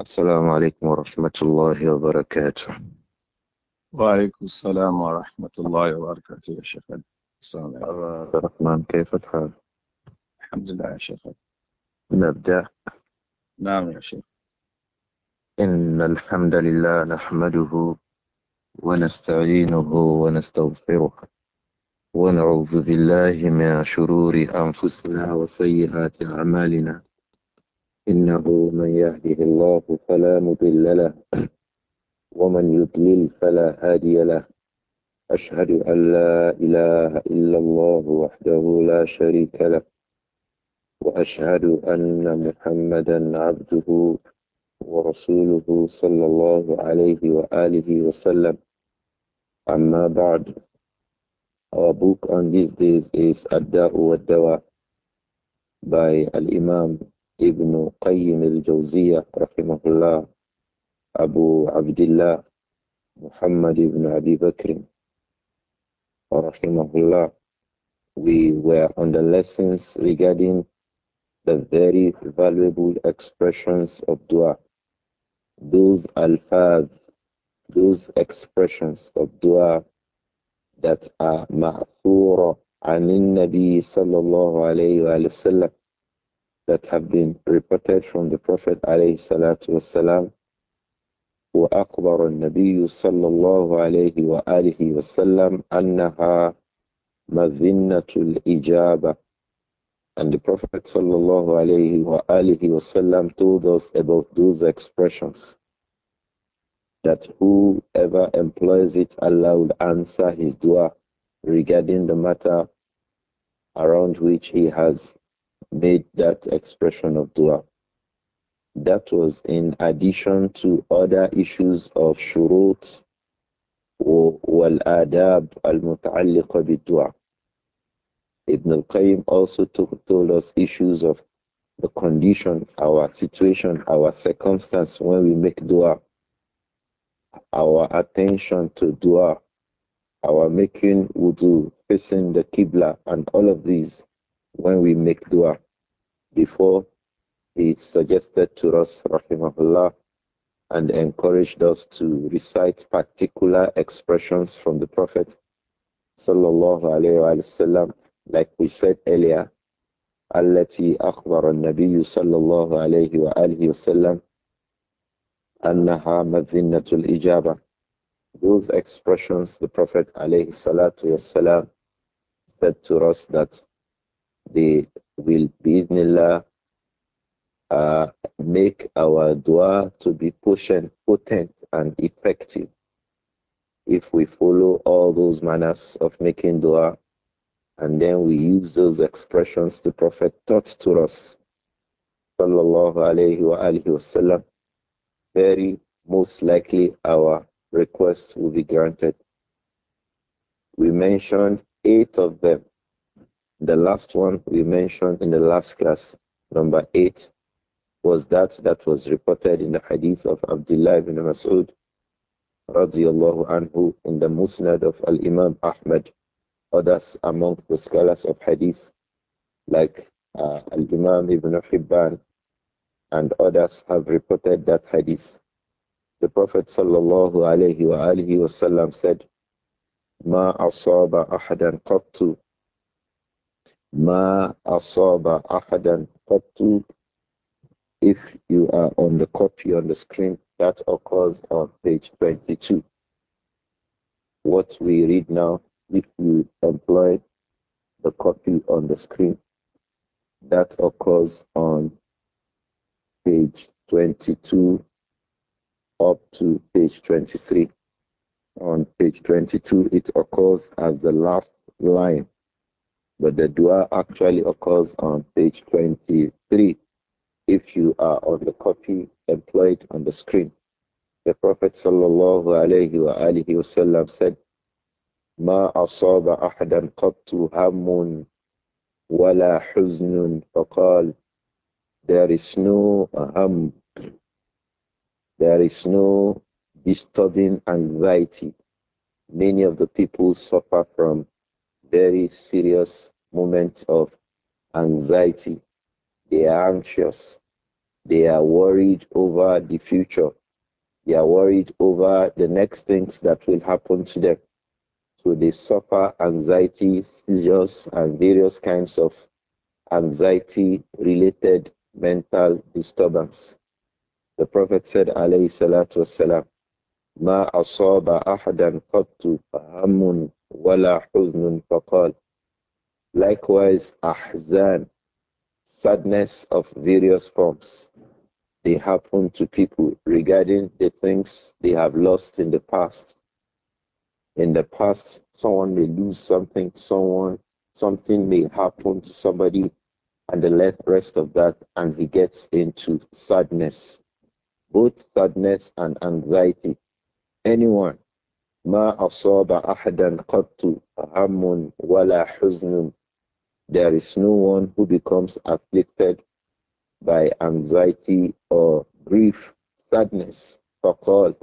السلام عليكم ورحمة الله وبركاته وعليكم السلام ورحمة الله وبركاته يا شيخ السلام عليكم الرحمن كيف الحال؟ الحمد لله يا شيخ نبدأ نعم يا شيخ إن الحمد لله نحمده ونستعينه ونستغفره ونعوذ بالله من شرور أنفسنا وسيئات أعمالنا إنه من يهده الله فلا مضل له ومن يضلل فلا هادي له أشهد أن لا إله إلا الله وحده لا شريك له وأشهد أن محمدا عبده ورسوله صلى الله عليه وآله وسلم أما بعد Our book on these days is Adda'u dau wa Dawa by Al-Imam Abu Abdullah Muhammad ibn Abi Bakr rahimahullah. We were on the lessons regarding the very valuable expressions of dua. Those alfaz, those expressions of dua that are ma'thura anin Nabi sallallahu alayhi wa sallam that have been reported from the Prophet alayhi salatu wasalam. وأخبر النبي صلى الله عليه وآله وسلم أنها مذنة الإجابة and the Prophet sallallahu alayhi wa alihi wasallam told us about those expressions that whoever employs it, Allah will answer his dua regarding the matter around which he has made that expression of dua. That was in addition to other issues of shurut والآداب bi-dua. Ibn al-Qayyim also told us issues of the condition, our situation, our circumstance when we make dua, our attention to dua, our making wudu, facing the Qibla, and all of these when we make dua. Before, he suggested to us, rahimahullah, and encouraged us to recite particular expressions from the Prophet, sallallahu Alaihi Wasallam. like we said earlier, التي أخبر النبي صلى الله عليه وآله وسلم أنها مذنة الإجابة. Those expressions the Prophet عليه الصلاة والسلام said to us that they will bi'idhnillah uh, make our dua to be potent, potent and effective if we follow all those manners of making dua and then we use those expressions the prophet taught to us sallallahu alayhi wa wasallam very most likely our request will be granted we mentioned eight of them the last one we mentioned in the last class, number eight, was that that was reported in the hadith of Abdullah ibn Mas'ud radiallahu anhu in the Musnad of Al-Imam Ahmad, others among the scholars of hadith like uh, Al-Imam ibn Hibban and others have reported that hadith. The Prophet sallallahu alayhi wa alihi said, ما أصاب أحدا قط Ma asaba ahadan qattu. If you are on the copy on the screen, that occurs on page 22. What we read now, if you employ the copy on the screen, that occurs on page 22 up to page 23. On page 22, it occurs as the last line but the dua actually occurs on page 23 if you are on the copy employed on the screen. The Prophet sallallahu wasallam said, ما أصاب أحدا قط هم ولا حزن فقال there is no harm, there is no disturbing anxiety. Many of the people suffer from very serious moments of anxiety. They are anxious. They are worried over the future. They are worried over the next things that will happen to them. So they suffer anxiety, seizures, and various kinds of anxiety related mental disturbance. The Prophet said, alayhi salatu wasalam, Ma أصاب أحدا قط فهم وَلَا حُزْنٌ فَقَالَ Likewise, ahzan, sadness of various forms, they happen to people regarding the things they have lost in the past. In the past, someone may lose something, someone, something may happen to somebody, and the rest of that, and he gets into sadness, both sadness and anxiety. Anyone ما أصاب أحدا قط هم ولا حزن there is no one who becomes afflicted by anxiety or grief, sadness, فقال.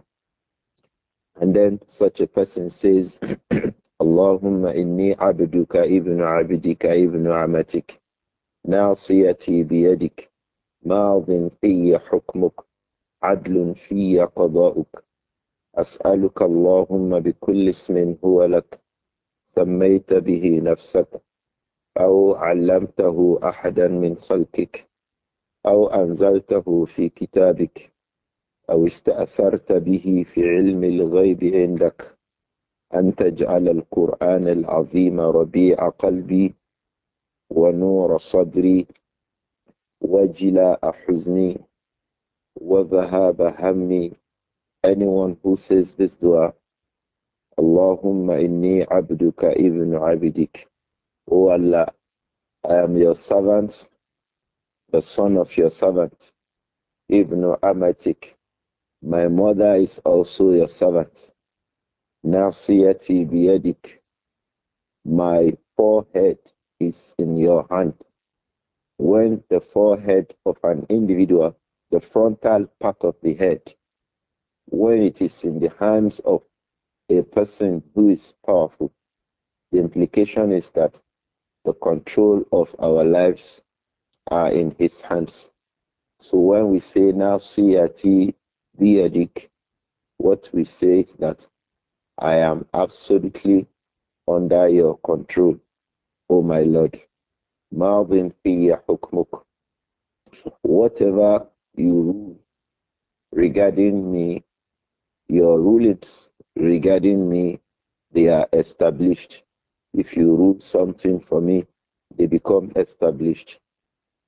And then such a person says, Allahumma inni عبدك ibn عبدك ibn amatik, ناصيتي biyadik, ماض في حكمك, عدل في قضاؤك, أسألك اللهم بكل اسم هو لك سميت به نفسك أو علمته أحدا من خلقك أو أنزلته في كتابك أو استأثرت به في علم الغيب عندك أن تجعل القرآن العظيم ربيع قلبي ونور صدري وجلاء حزني وذهاب همي anyone who says this dua, Allahumma inni abduka ibn abidik. O Allah, I am your servant, the son of your servant, ibn amatik. My mother is also your servant. Nasiyati biyadik. My forehead is in your hand. When the forehead of an individual, the frontal part of the head, when it is in the hands of a person who is powerful, the implication is that the control of our lives are in his hands. So when we say now siyati biyadik, what we say is that I am absolutely under your control, O oh my Lord. Ma'adhin hukmuk. Whatever you rule regarding me your rulings regarding me, they are established. If you rule something for me, they become established.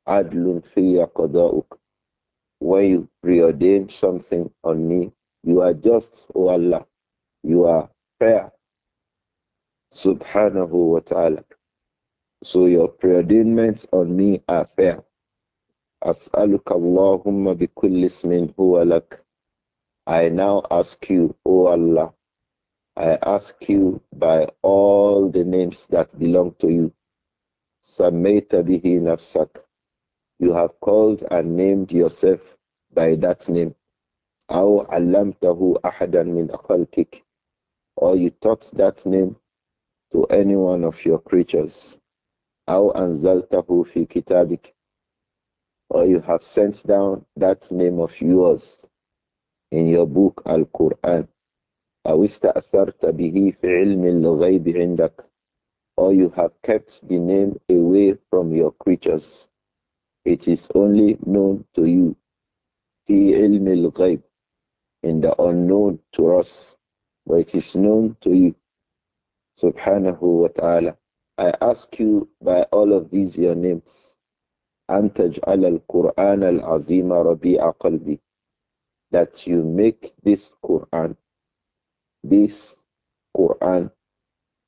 Adlun qada'uk. When you preordain something on me, you are just, O Allah. You are fair. Subhanahu wa ta'ala. So your preordainments on me are fair. Allahumma bi بكل اسم هو لك I now ask you, O Allah, I ask you by all the names that belong to you. Samaita bihi nafsak. You have called and named yourself by that name. Aw allamtahu ahadan min Or you taught that name to any one of your creatures. Aw anzaltahu fi kitabik. Or you have sent down that name of yours in your book Al-Quran. أو استأثرت به في علم الغيب عندك or you have kept the name away from your creatures. It is only known to you. في علم in the unknown to us, but it is known to you. Subhanahu wa ta'ala. I ask you by all of these your names. Antaj al Quran al Azima Rabi'a Qalbi that you make this Quran, this Quran,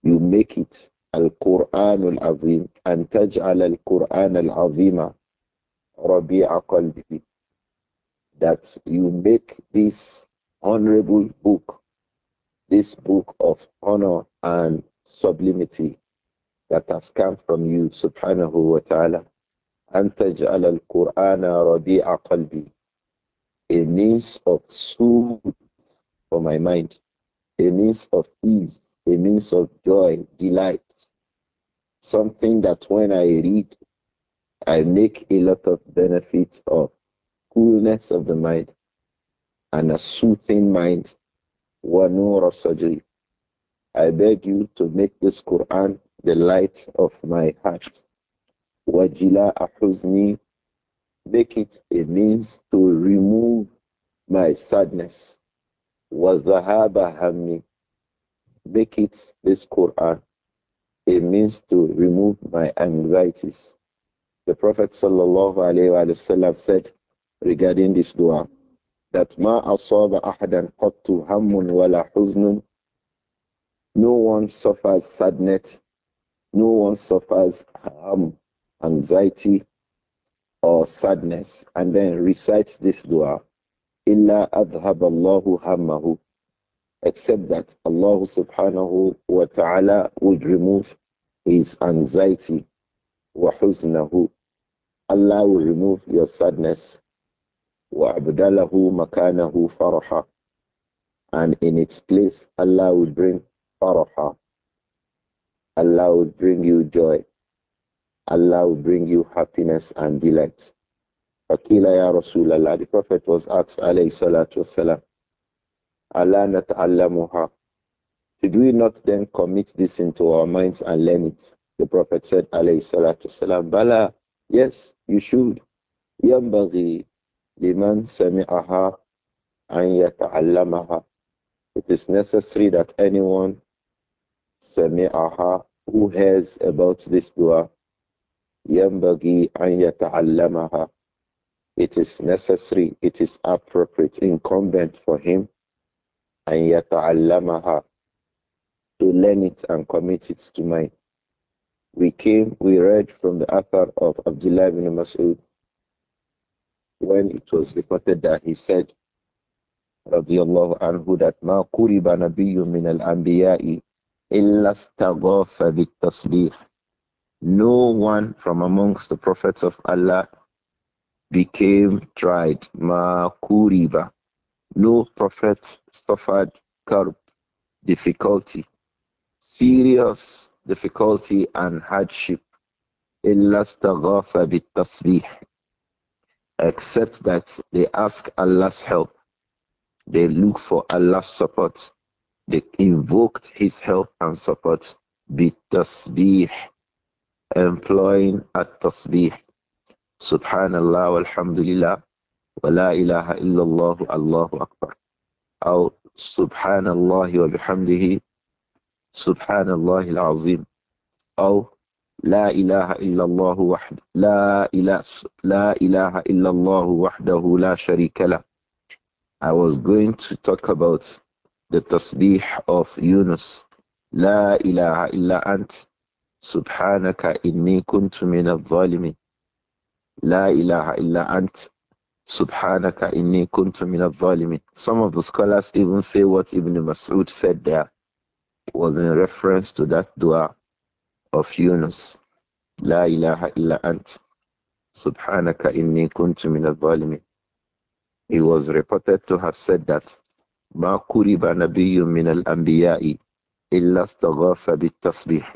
you make it Al-Quran Al-Azim and taj'al Al-Quran Al-Azima rabi'a qalbi that you make this honorable book, this book of honor and sublimity that has come from you, subhanahu wa ta'ala. Taj'al Al Quran Rabi'a Qalbi a means of soothe for my mind, a means of ease, a means of joy, delight. Something that when I read, I make a lot of benefit of coolness of the mind and a soothing mind. surgery. I beg you to make this Quran the light of my heart. Wajila ahuzni make it a means to remove my sadness. وَذَهَابَ هَمِّي Make it, this Quran, a means to remove my anxieties. The Prophet وسلم, said regarding this dua that ma asaba ahadan qattu hammun wala huznun no one suffers sadness no one suffers harm anxiety or sadness and then recites this dua, Illa adhab Allahu hammahu, except that Allah subhanahu wa ta'ala would remove his anxiety, wa huznahu. Allah will remove your sadness, wa abdalahu makanahu faraha. And in its place, Allah will bring faraha. Allah will bring you joy. Allah will bring you happiness and delight. Fakila ya Rasulallah, the Prophet was asked, alayhi salatu wasalam, Allah nata'allamuha. Did we not then commit this into our minds and learn it? The Prophet said, alayhi salatu wasalam, Bala, yes, you should. ينبغي لمن سمعها أن يتعلمها. It is necessary that anyone سمعها who hears about this dua ينبغي أن يتعلمها it is necessary, it is appropriate, incumbent for him and yata'allamaha to learn it and commit it to mind. We came, we read from the author of Abdullah ibn Mas'ud when it was reported that he said, radiyallahu anhu, that ma kuriba nabiyyu min al-anbiya'i illa istaghafa bit-tasbih no one from amongst the prophets of Allah became tried. Makuriba. No prophet suffered curb, difficulty, serious difficulty and hardship. Except that they ask Allah's help. They look for Allah's support. They invoked His help and support. Bitasbih employing at tasbih. Subhanallah walhamdulillah wa la ilaha illallah Allahu akbar. Or Subhanallah wa bihamdihi Subhanallah alazim. azim Or لا إله إلا الله وحده لا إله لا إله إلا الله la لا I was going to talk about the tasbih of Yunus. La إله illa ant. Subhanaka inni kuntu min al-zalimin. La ilaha illa ant. Subhanaka inni kuntu min al-zalimin. Some of the scholars even say what Ibn Mas'ud said there was in reference to that dua of Yunus. La ilaha illa ant. Subhanaka inni kuntu min al-zalimin. He was reported to have said that ما قرب نبي من الأنبياء إلا استغاث بالتصبيح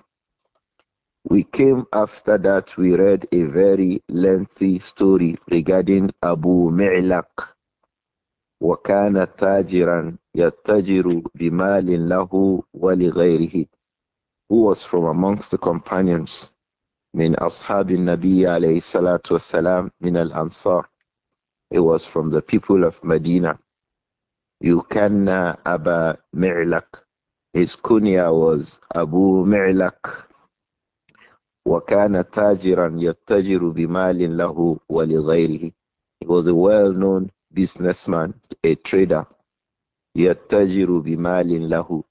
we came after that, we read a very lengthy story regarding Abu Mi'laq. وكان تاجرا يتجر بمال له ولغيره who was from amongst the companions من أصحاب النبي عليه الصلاة والسلام من الأنصار It was from the people of Medina يكنى Abu معلق his kunya was Abu Mi'laq he was a well-known businessman, a trader. يَتَّجِرُ بِمَالٍ لَهُ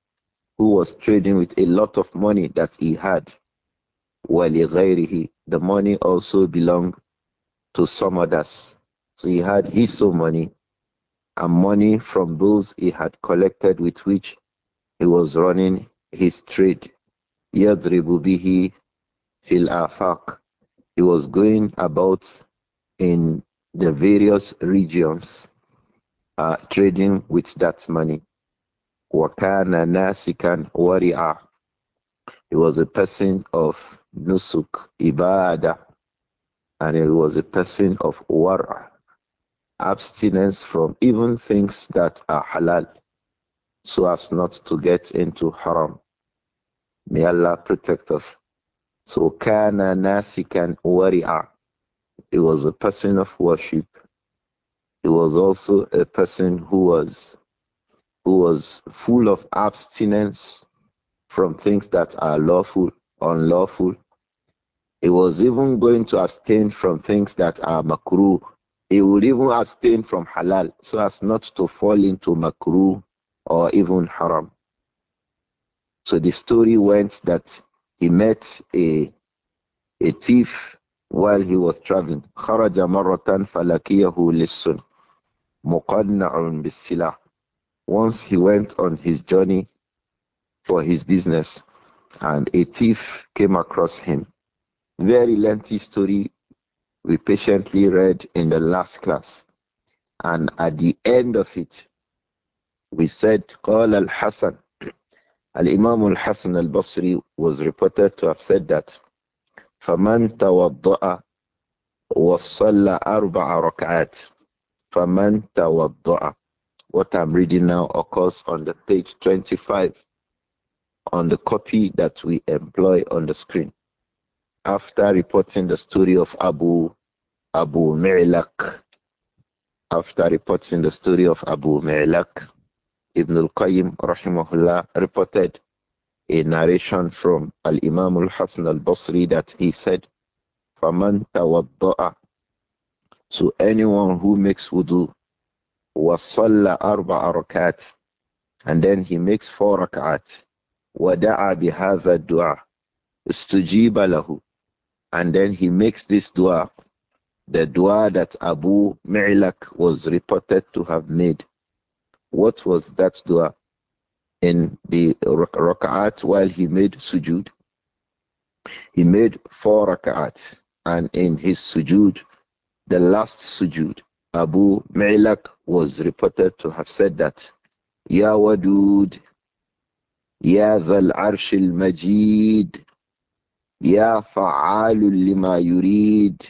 Who was trading with a lot of money that he had. وَلِغَيْرِهِ The money also belonged to some others. So he had his own money and money from those he had collected with which he was running his trade. يَضْرِبُ بِهِ Phil Afak. He was going about in the various regions uh, trading with that money. Wakana nasikan wari'a. He was a person of nusuk, ibadah, and he was a person of wara, abstinence from even things that are halal, so as not to get into haram. May Allah protect us. So kana nasikan wari'a. He was a person of worship. He was also a person who was who was full of abstinence from things that are lawful, unlawful. He was even going to abstain from things that are makruh. He would even abstain from halal so as not to fall into makruh or even haram. So the story went that he met a, a thief while he was traveling. خرج مرة فلقيه للسن مقنع بالسلاح. Once he went on his journey for his business and a thief came across him. Very lengthy story we patiently read in the last class. And at the end of it, we said, قال الحسن Al Imam al Hassan al Basri was reported to have said that فَمَنْ تَوَضَّأَ وَصَلَّى أَرْبَعَ رَكْعَاتٍ فَمَنْ تَوَضَّأَ What I'm reading now occurs on the page 25 on the copy that we employ on the screen. After reporting the story of Abu Abu Mi'lak, after reporting the story of Abu Mi'lak, Ibn al-Qayyim rahimahullah reported a narration from Al-Imam al-Hasan al-Basri that he said, فَمَنْ تَوَضَّعَ So anyone who makes wudu, وَصَلَّ أَرْبَعَ رَكَاتٍ And then he makes four rak'at, وَدَعَ بِهَذَا الدُّعَى استجيب له and then he makes this dua the dua that Abu Mi'lak was reported to have made what was that dua in the rak'at while he made sujud? He made four rak'at and in his sujud, the last sujud, Abu Mailak was reported to have said that, Ya Wadud, Ya Arsh Arshil Majid, يا فعال لما يريد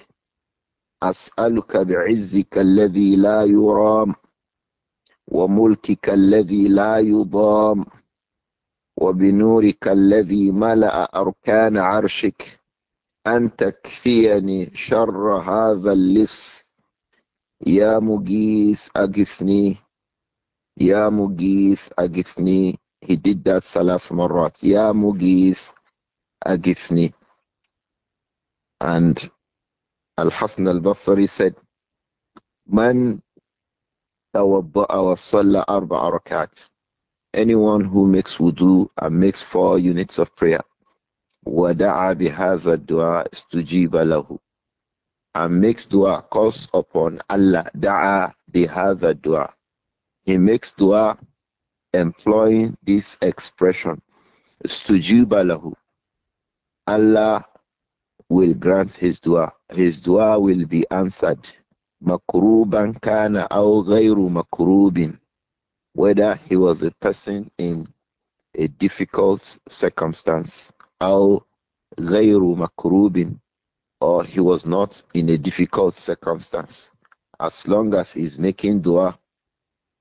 أسألك بعزك الذي La Yuram." وملكك الذي لا يضام وبنورك الذي ملأ أركان عرشك أن تكفيني شر هذا اللص يا مجيس أجثني يا مجيس أجثني he did that ثلاث مرات يا مجيس أجثني and al البصري al said من our salah ar arakat. Anyone who makes wudu and makes four units of prayer, wada'a bihadha dua istujiba lahu. And makes dua, calls upon Allah, da'a dua. He makes dua employing this expression, istujiba lahu. Allah will grant his dua. His dua will be answered makruban kana aw ghayru makrubin whether he was a person in a difficult circumstance aw ghayru makrubin or he was not in a difficult circumstance as long as he's making dua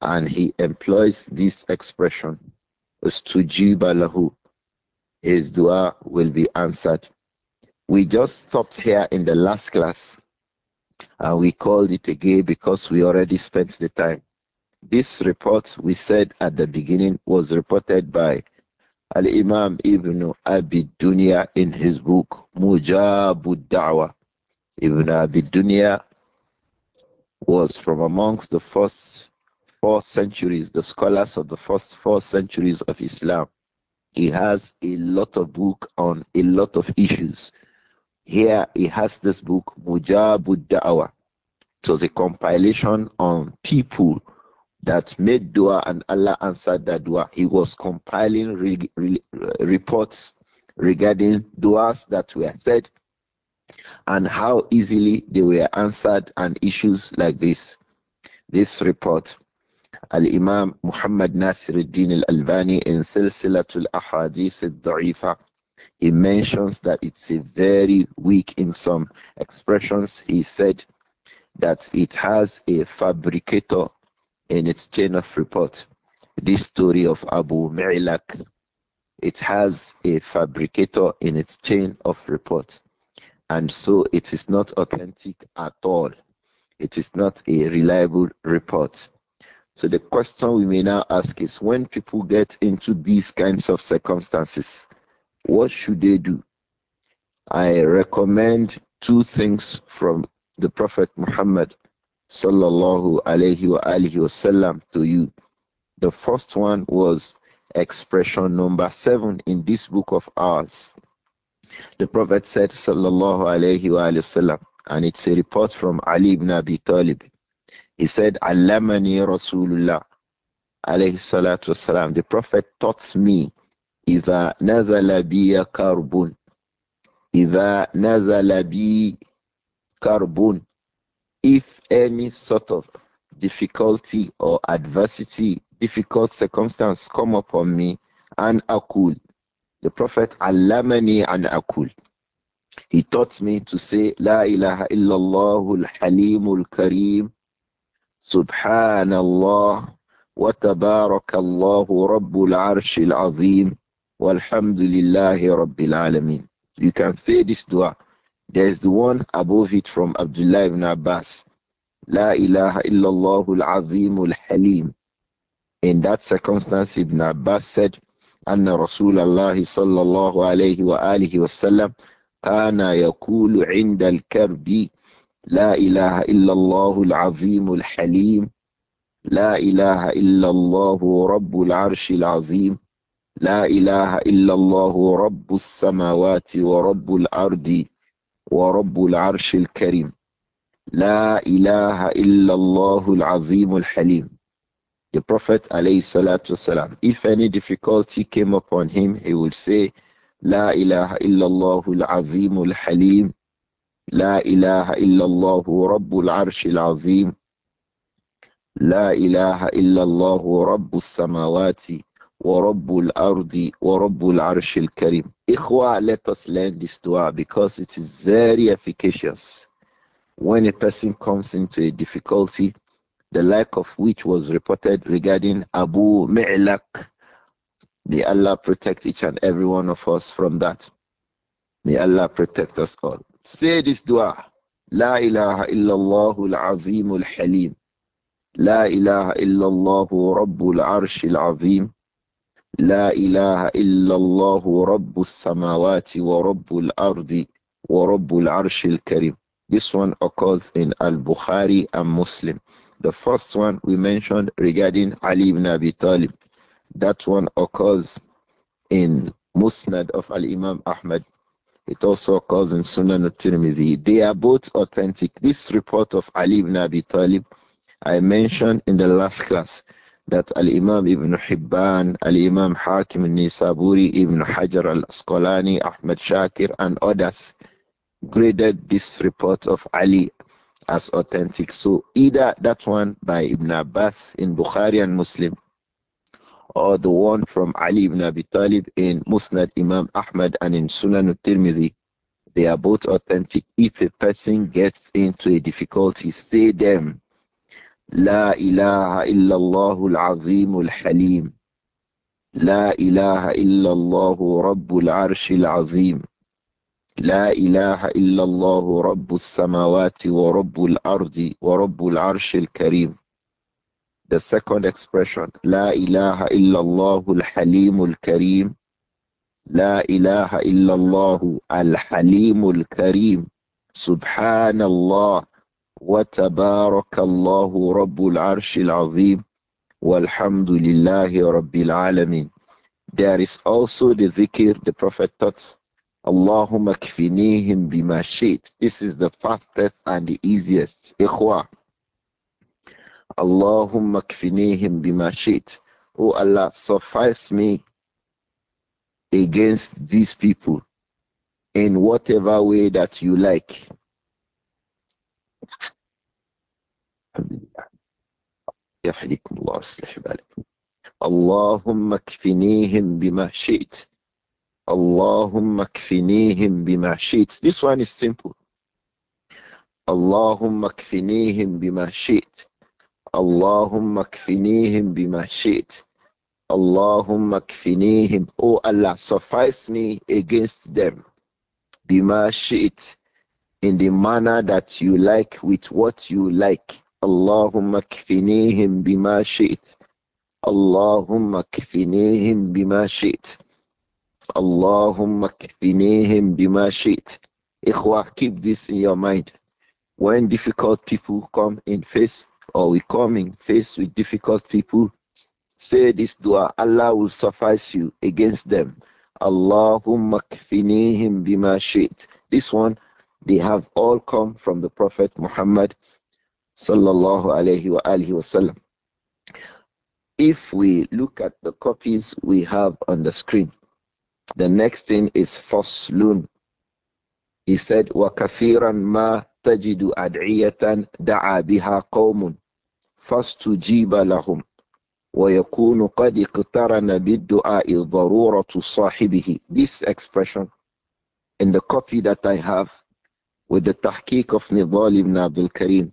and he employs this expression ustujiba lahu his dua will be answered we just stopped here in the last class and uh, we called it a gay because we already spent the time. This report we said at the beginning was reported by Al Imam Ibn Abi Dunya in his book Mujabud Da'wa. Ibn Abi Dunya was from amongst the first four centuries, the scholars of the first four centuries of Islam. He has a lot of book on a lot of issues. Here he has this book, Mujabud Da'wa. It was a compilation on people that made dua and Allah answered that dua. He was compiling re, re, reports regarding duas that were said and how easily they were answered and issues like this. This report, Al Imam Muhammad Nasir al-Din al-Albani in Silsilatul Ahadith al-Da'ifa he mentions that it's a very weak in some expressions. He said that it has a fabricator in its chain of report. This story of Abu Mi'lak, it has a fabricator in its chain of report. And so it is not authentic at all. It is not a reliable report. So the question we may now ask is when people get into these kinds of circumstances, what should they do? I recommend two things from the Prophet Muhammad sallallahu alayhi wa alihi wasallam to you. The first one was expression number seven in this book of ours. The Prophet said sallallahu alayhi wa and it's a report from Ali ibn Abi Talib. He said, Allamani Rasulullah alayhi salatu wasalam. The Prophet taught me إذا نزل بي كرب إذا نزل بي كرب if any sort of difficulty or adversity difficult circumstance come upon me and akul the prophet allamani and akul he taught me to say la ilaha illallah al-halimul kareem subhanallah wa الله رب arshil العظيم. Walhamdulillahi Rabbil Alameen. You can say this dua. There is the one above it from Abdullah ibn Abbas. La ilaha illallah al-azim al-halim. In that circumstance, Ibn Abbas said, sallallahu alayhi wa صلى الله عليه وآله وسلم كان يقول عند الكرب لا إله إلا الله العظيم الحليم لا إله إلا الله رب العرش العظيم لا إله إلا الله رب السماوات ورب الأرض ورب العرش الكريم لا إله إلا الله العظيم الحليم The Prophet والسلام, if any difficulty came upon him, he would say, لا إله إلا الله العظيم الحليم لا إله إلا الله رب العرش العظيم لا إله إلا الله رب السماوات وَرَبُّ الْأَرْضِ وَرَبُّ الْعَرْشِ الْكَرِيمِ إخوة let us learn this dua because it is very efficacious. When a person comes into a difficulty, the like of which was reported regarding Abu Mi'lak. May Allah protect each and every one of us from that. May Allah protect us all. Say this dua. La ilaha illallah الله azim الحليم لا La ilaha illallah رب العرش العظيم لا إله إلا الله رب السماوات ورب الأرض ورب العرش الكريم This one occurs in Al-Bukhari and Muslim. The first one we mentioned regarding Ali ibn Abi Talib. That one occurs in Musnad of Al-Imam Ahmad. It also occurs in Sunan al-Tirmidhi. They are both authentic. This report of Ali ibn Abi Talib I mentioned in the last class that Al Imam Ibn Hibban, Al Imam Hakim Nisaburi, Ibn Hajar Al Asqalani, Ahmad Shakir, and others graded this report of Ali as authentic. So either that one by Ibn Abbas in Bukhari and Muslim, or the one from Ali ibn Abi Talib in Musnad Imam Ahmad and in Sunan al-Tirmidhi, they are both authentic. If a person gets into a difficulty, say them لا إله إلا الله العظيم الحليم لا إله إلا الله رب العرش العظيم لا إله إلا الله رب السماوات ورب الأرض ورب العرش الكريم The second expression لا إله إلا الله الحليم الكريم لا إله إلا الله الحليم الكريم سبحان الله وتبارك الله رب العرش العظيم والحمد لله رب العالمين There is also the dhikr the Prophet taught Allahumma kfinihim bima shait This is the fastest and the easiest Ikhwa Allahumma kfinihim bima shait O Allah suffice me against these people in whatever way that you like الحمد لله يحييكم الله ويصلح بالكم اللهم اكفنيهم بما شئت اللهم اكفنيهم بما شئت this one is simple اللهم اكفنيهم بما شئت اللهم اكفنيهم بما شئت اللهم اكفنيهم O Allah suffice me against them بما شئت in the manner that you like with what you like اللهم اكفنيهم بما شئت اللهم اكفنيهم بما شئت اللهم اكفنيهم بما شئت keep this in your mind. When difficult people come in face, or we come in face with difficult people, say this dua, Allah will suffice you against them. Allahumma kfinihim bima This one, they have all come from the Prophet Muhammad sallallahu alayhi wa alihi wasallam. If we look at the copies we have on the screen, the next thing is Faslun. He said, وَكَثِيرًا مَا تَجِدُ أَدْعِيَةً دَعَى بِهَا قَوْمٌ فَاسْتُجِيبَ لَهُمْ ويكون قد اقترن بالدعاء ضرورة صاحبه this expression in the copy that I have with the tahqiq of Nidal ibn Abdul Karim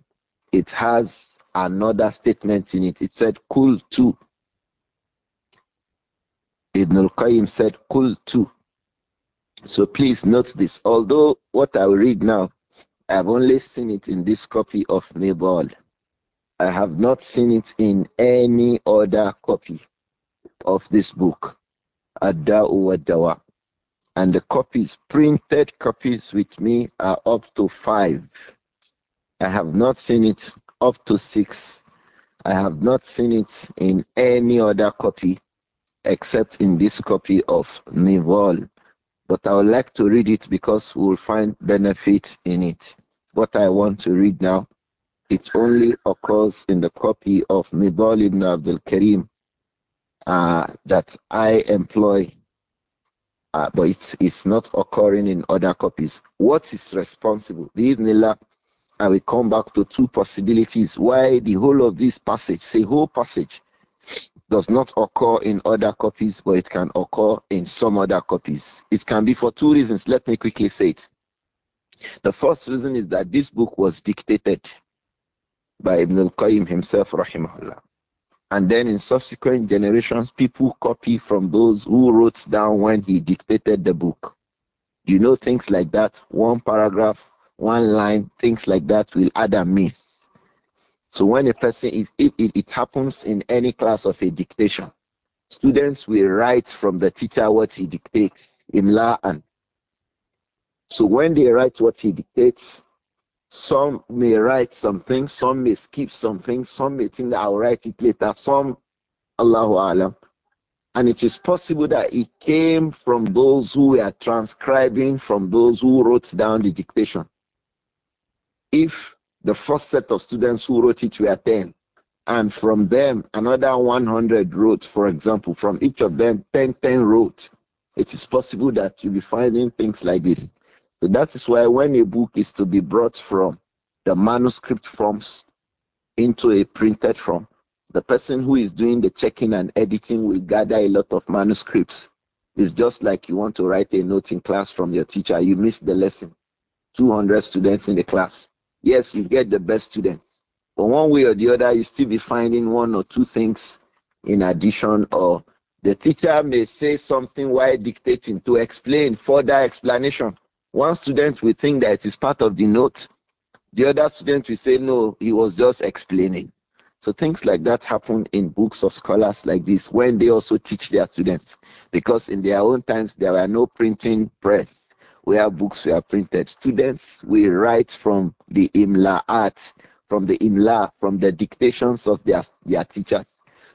it has another statement in it. It said, "cool too." Ibn al Qayyim said, "cool too." So please note this. Although what I will read now, I've only seen it in this copy of Nidal. I have not seen it in any other copy of this book, Adda'u Dawa. And the copies, printed copies with me, are up to five I have not seen it up to 6. I have not seen it in any other copy except in this copy of Nival. But I would like to read it because we will find benefit in it. What I want to read now, it only occurs in the copy of Nibal ibn Abdul Karim uh, that I employ, uh, but it's, it's not occurring in other copies. What is responsible? Bismillah, I will come back to two possibilities why the whole of this passage, say whole passage, does not occur in other copies, but it can occur in some other copies. It can be for two reasons. Let me quickly say it. The first reason is that this book was dictated by Ibn al-Qayyim himself, rahimahullah. And then in subsequent generations, people copy from those who wrote down when he dictated the book. You know things like that, one paragraph, one line, things like that will add a myth. So when a person is, it, it, it happens in any class of a dictation, students will write from the teacher what he dictates, in laan. So when they write what he dictates, some may write something, some may skip something, some may think that I'll write it later, some, Allahu Alam. And it is possible that it came from those who were transcribing from those who wrote down the dictation. If the first set of students who wrote it were 10, and from them another 100 wrote, for example, from each of them 10, 10 wrote, it is possible that you'll be finding things like this. So that is why when a book is to be brought from the manuscript forms into a printed form, the person who is doing the checking and editing will gather a lot of manuscripts. It's just like you want to write a note in class from your teacher. You missed the lesson. 200 students in the class. Yes, you get the best students, but one way or the other, you still be finding one or two things in addition, or the teacher may say something while dictating to explain further explanation. One student will think that it is part of the note, the other student will say, No, he was just explaining. So things like that happen in books of scholars like this when they also teach their students, because in their own times there were no printing press where books were printed. Students will write from the Imla art, from the Imla, from the dictations of their, their teachers.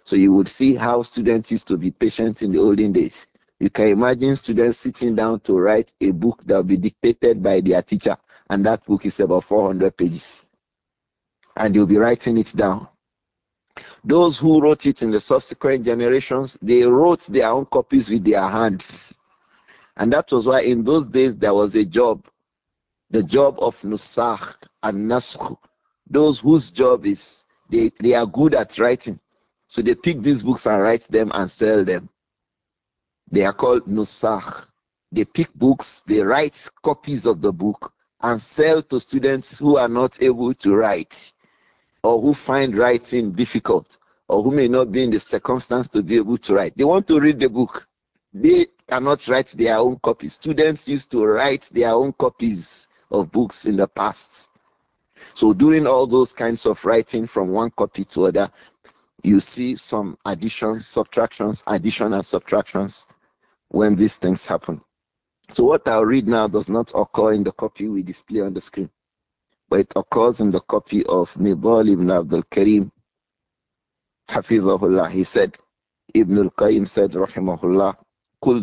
So you would see how students used to be patient in the olden days. You can imagine students sitting down to write a book that will be dictated by their teacher, and that book is about 400 pages. And they'll be writing it down. Those who wrote it in the subsequent generations, they wrote their own copies with their hands. And that was why in those days there was a job, the job of Nusakh and Naskh, those whose job is they, they are good at writing. So they pick these books and write them and sell them. They are called Nusakh. They pick books, they write copies of the book and sell to students who are not able to write or who find writing difficult or who may not be in the circumstance to be able to write. They want to read the book. They cannot write their own copies. Students used to write their own copies of books in the past. So during all those kinds of writing from one copy to other, you see some additions, subtractions, addition and subtractions when these things happen. So what I'll read now does not occur in the copy we display on the screen, but it occurs in the copy of Nabil ibn Abdul Karim, Hafizahullah. He said, Ibn al-Qayyim said, Rahimahullah,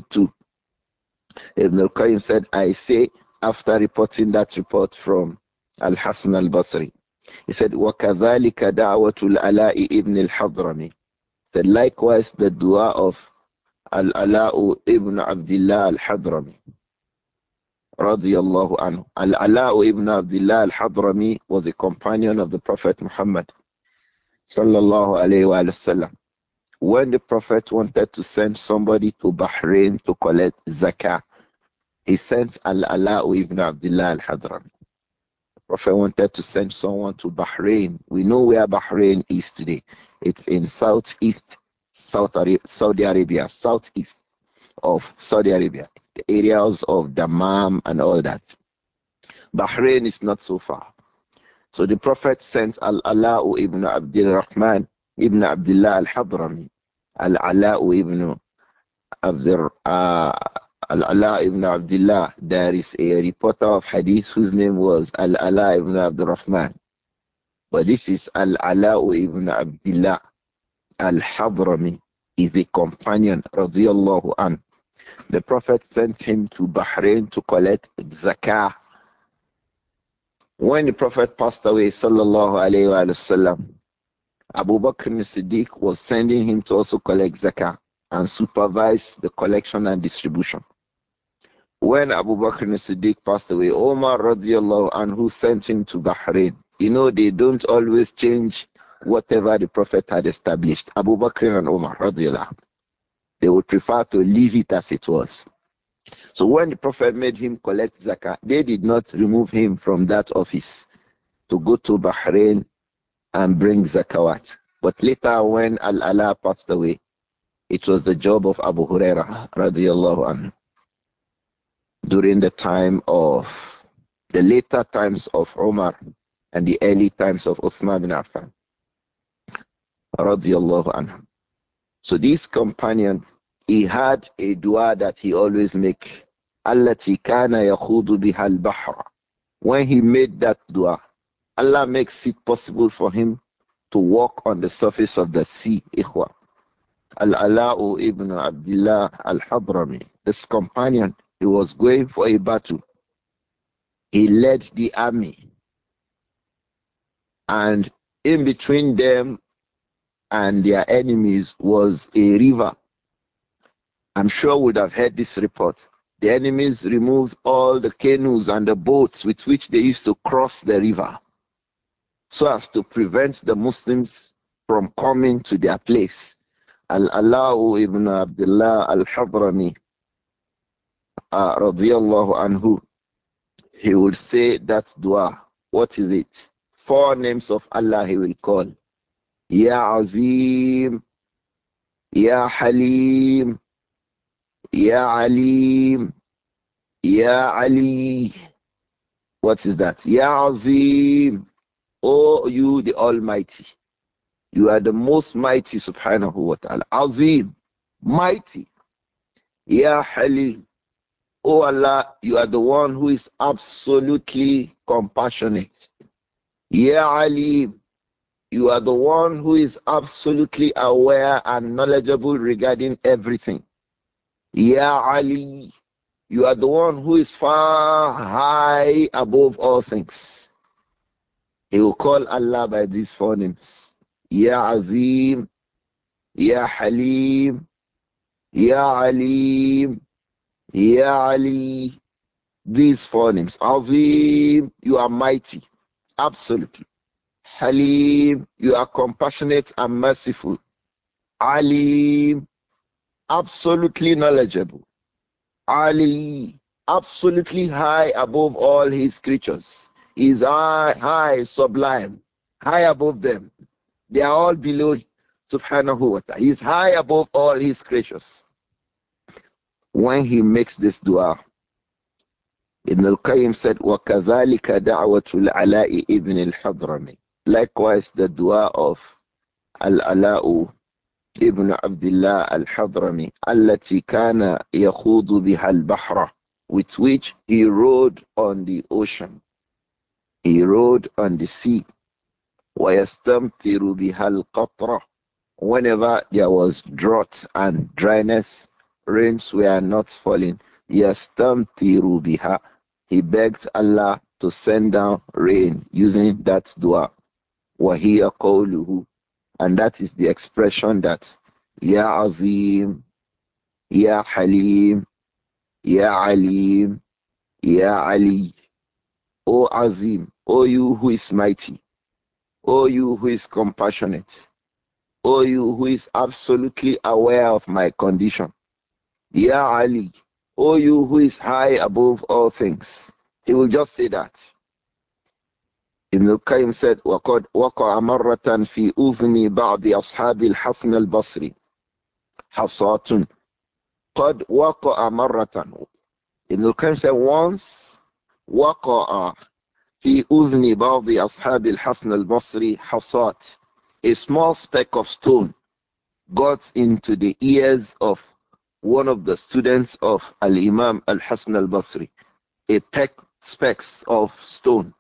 too. Ibn al-Qayyim said, I say after reporting that report from Al-Hasan al-Basri. He said, وَكَذَلِكَ دَعْوَةُ alai ibn al-Hadrami. Said, likewise the dua of Al-Ala'u ibn Abdullah al-Hadrami. رضي anhu.' Al-Ala'u ibn Abdullah al-Hadrami was a companion of the Prophet Muhammad sallallahu alayhi wa sallam. When the Prophet wanted to send somebody to Bahrain to collect zakah, he sent Al Ala'u ibn Abdullah al Hadram. The Prophet wanted to send someone to Bahrain. We know where Bahrain is today. It's in southeast South Arabia, Saudi Arabia, southeast of Saudi Arabia, the areas of Damam and all that. Bahrain is not so far. So the Prophet sent Al Ala'u ibn Abdul Rahman Ibn Abdullah al-Hadrami, uh, Al-Ala ibn Abdur, Al-Ala Abdullah, there is a reporter of hadith whose name was Al-Ala ibn Rahman. But this is Al-Ala ibn Abdullah al-Hadrami, is a companion, radiallahu an. The Prophet sent him to Bahrain to collect zakah. When the Prophet passed away, sallallahu alayhi wasallam. Abu Bakr Siddiq was sending him to also collect zakah and supervise the collection and distribution. When Abu Bakr Siddiq passed away, Omar radiallahu anhu sent him to Bahrain. You know, they don't always change whatever the Prophet had established. Abu Bakr and Omar radiallahu They would prefer to leave it as it was. So when the Prophet made him collect zakah, they did not remove him from that office to go to Bahrain and bring zakawat. But later, when Al Allah passed away, it was the job of Abu Huraira radiallahu anhu. During the time of the later times of Umar and the early times of Uthman bin Affan radiallahu anhu. So this companion, he had a dua that he always make. التي كان يخوض بها البحر. When he made that dua, Allah makes it possible for him to walk on the surface of the sea, Ikhwa. Al-Ala'u ibn Abdullah al-Habrami, this companion, he was going for a battle. He led the army. And in between them and their enemies was a river. I'm sure would have heard this report. The enemies removed all the canoes and the boats with which they used to cross the river so as to prevent the Muslims from coming to their place. Al-Ala'u ibn Abdullah al-Habrami uh, radiyallahu anhu, he would say that dua. What is it? Four names of Allah he will call. Ya Azim, Ya Halim, Ya Alim, Ya Ali. What is that? Ya Azim, O oh, you the Almighty, you are the most mighty, subhanahu wa ta'ala. Azim, mighty. Ya Halim, O oh Allah, you are the one who is absolutely compassionate. Ya Alim, you are the one who is absolutely aware and knowledgeable regarding everything. Ya Ali, you are the one who is far high above all things. He will call Allah by these four names. Ya Azim, Ya Halim, Ya Alim, Ya Ali. These four names. Azim, you are mighty. Absolutely. Halim, you are compassionate and merciful. Alim, absolutely knowledgeable. Ali, absolutely high above all his creatures is high, high, sublime, high above them. They are all below subhanahu wa ta'ala. He's high above all his creatures. When he makes this dua, Ibn al-Qayyim said, وَكَذَلِكَ دَعْوَةُ الْعَلَاءِ ibn al-Hadrami. Likewise, the dua of al-Ala'u ibn Abdullah al-Hadrami, التي كان يخوض بها البحر, with which he rode on the ocean. He rode on the sea. وَيَسْتَمْتِرُ بِهَا الْقَطْرَةِ Whenever there was drought and dryness, rains were not falling. يَسْتَمْتِرُ بِهَا He begged Allah to send down rain using that dua. وَهِيَ قَوْلُهُ And that is the expression that Ya Azim, Ya Halim, Ya Alim, Ya Ali. O Azim, O you who is mighty, O you who is compassionate, O you who is absolutely aware of my condition. Ya Ali, O you who is high above all things. He will just say that. Ibn al-Qayyim said, وَقَدْ وَقَعَ مَرَّةً فِي أُذْنِ بَعْضِ أَصْحَابِ الْحَسْنَ الْبَصْرِ حَصَاتٌ قَدْ وَقَعَ مَرَّةً Ibn al-Qayyim said, once وقع في أذن بعض أصحاب الحسن البصري حصات a small speck of stone got into the ears of one of the students of Al-Imam Al-Hasan Al-Basri a peck specks of stone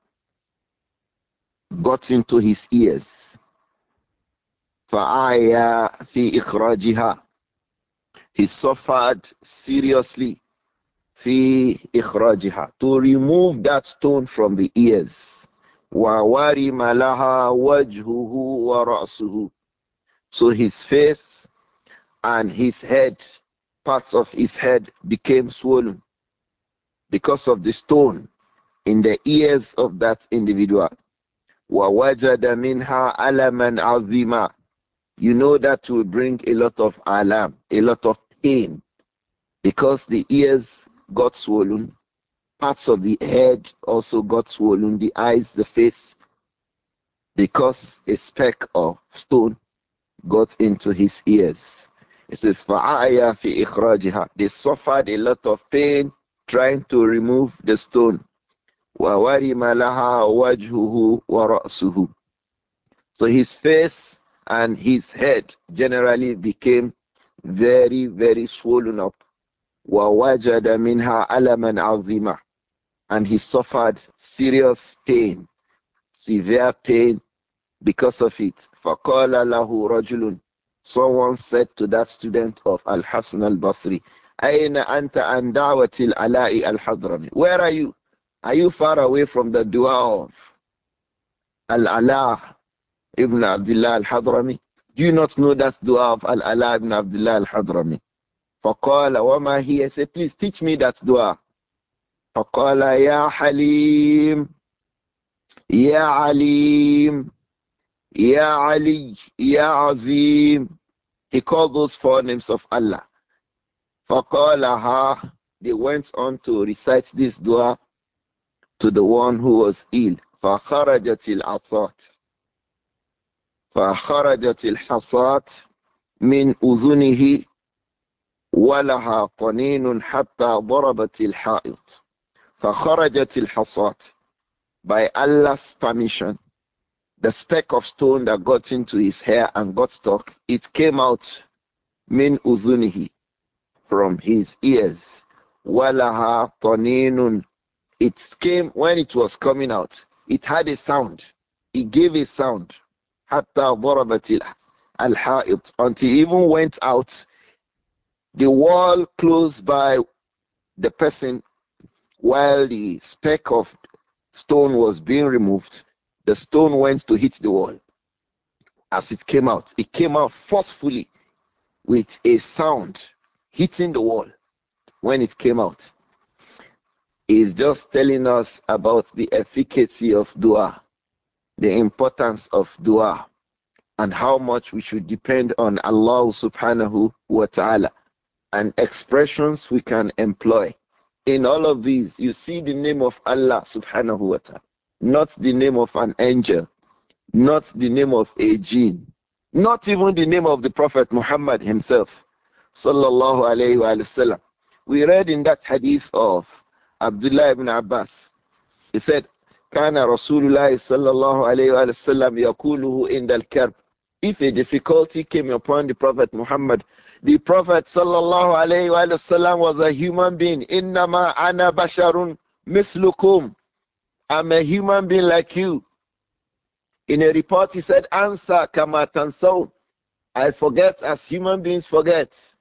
got into his ears فَعَيَا فِي إِخْرَاجِهَا He suffered seriously fi ikhrajiha to remove that stone from the ears wa warima laha wajhuhu wa ra'suhu so his face and his head parts of his head became swollen because of the stone in the ears of that individual wa wajada minha alaman azima you know that will bring a lot of alarm a lot of pain because the ears got swollen. Parts of the head also got swollen, the eyes, the face, because a speck of stone got into his ears. It says, فَعَايَ fi إِخْرَاجِهَا They suffered a lot of pain trying to remove the stone. وَوَرِمَ لَهَا وَجْهُهُ وَرَأْسُهُ So his face and his head generally became very, very swollen up. وَوَجَدَ مِنْهَا أَلَمًا عَظِيمًا And he suffered serious pain, severe pain because of it. فَقَالَ لَهُ رَجُلٌ Someone said to that student of Al-Hasan al-Basri, أَيْنَ أَنْتَ عَنْ دَعْوَةِ الْعَلَاءِ الْحَضْرَمِ Where are you? Are you far away from the dua of Al-Ala ibn Abdullah al-Hadrami? Do you not know that dua of Al-Ala ibn Abdullah al-Hadrami? فقال وما هي say please teach me that dua فقال يا حليم يا عليم يا علي يا عظيم he called those four names of Allah فقال ها they went on to recite this dua to the one who was ill فخرجت العصات فخرجت الحصات من أذنه ولها قنين حتى ضربت الحائط فخرجت الحصات by Allah's permission the speck of stone that got into his hair and got stuck it came out min uzunihi from his ears walaha qaninun it came when it was coming out it had a sound it gave a sound hatta ضربت الحائط until it even went out the wall close by the person while the speck of stone was being removed, the stone went to hit the wall. As it came out, it came out forcefully with a sound hitting the wall when it came out. Is just telling us about the efficacy of dua, the importance of dua, and how much we should depend on Allah subhanahu wa ta'ala and expressions we can employ. In all of these, you see the name of Allah subhanahu wa ta'ala, not the name of an angel, not the name of a jinn, not even the name of the Prophet Muhammad himself. Sallallahu alayhi wa, sallam. We read in that hadith of Abdullah ibn Abbas. He said, كان رسول الله صلى الله عليه وسلم يقوله عند الكرب if a difficulty came upon the Prophet Muhammad the Prophet sallallahu alaihi wasallam was a human being. Innama ana basharun mislukum. I'm a human being like you. In a report, he said, Answer kama so." I forget as human beings forget.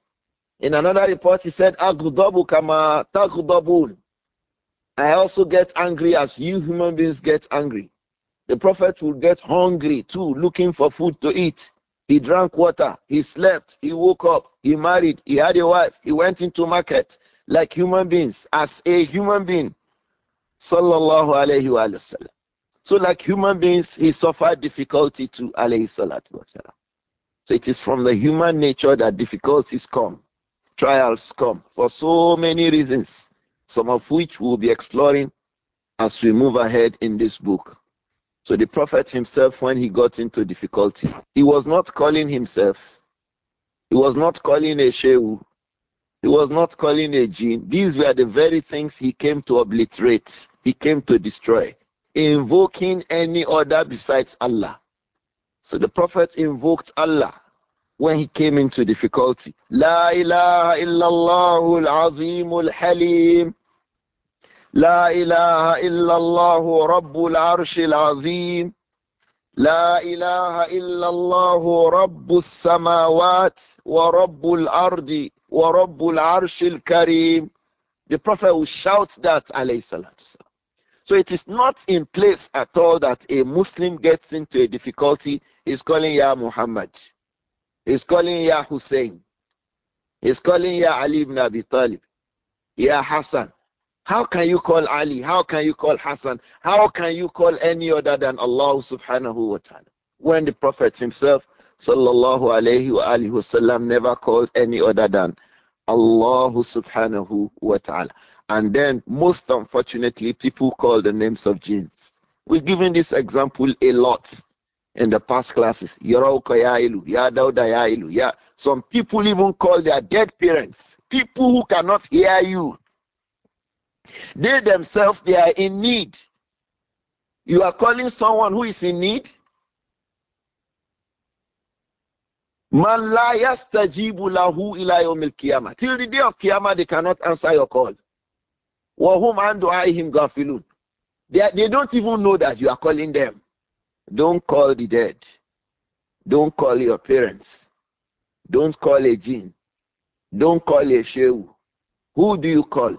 In another report, he said, Agudabu kama tagudabun. I also get angry as you human beings get angry. The Prophet will get hungry too, looking for food to eat. He drank water, he slept, he woke up, he married, he had a wife, he went into market like human beings, as a human being. Sallallahu alayhi wa sallam. So like human beings, he suffered difficulty to alayhi salatu wa sallam. So it is from the human nature that difficulties come, trials come for so many reasons, some of which we'll be exploring as we move ahead in this book. So the Prophet himself, when he got into difficulty, he was not calling himself. He was not calling a Shehu. He was not calling a jinn. These were the very things he came to obliterate. He came to destroy. Invoking any other besides Allah. So the Prophet invoked Allah when he came into difficulty. La ilaha illallah al halim لا إله إلا الله رب العرش العظيم لا إله إلا الله رب السماوات ورب الأرض ورب العرش الكريم The Prophet will shout that alayhi salatu So it is not in place at all that a Muslim gets into a difficulty. He's calling Ya Muhammad. He's calling Ya Hussein. He's calling Ya Ali ibn Abi Talib. Ya Hassan. How can you call Ali? How can you call Hassan? How can you call any other than Allah subhanahu wa ta'ala? When the Prophet himself, sallallahu alayhi wa wasallam, never called any other than Allah subhanahu wa ta'ala. And then, most unfortunately, people call the names of jinn. We've given this example a lot in the past classes. Some people even call their dead parents, people who cannot hear you they themselves, they are in need. You are calling someone who is in need? Man la ila Till the day of Kiyama, they cannot answer your call. Wa hum an They, they don't even know that you are calling them. Don't call the dead. Don't call your parents. Don't call a jinn. Don't call a shehu. Who do you call?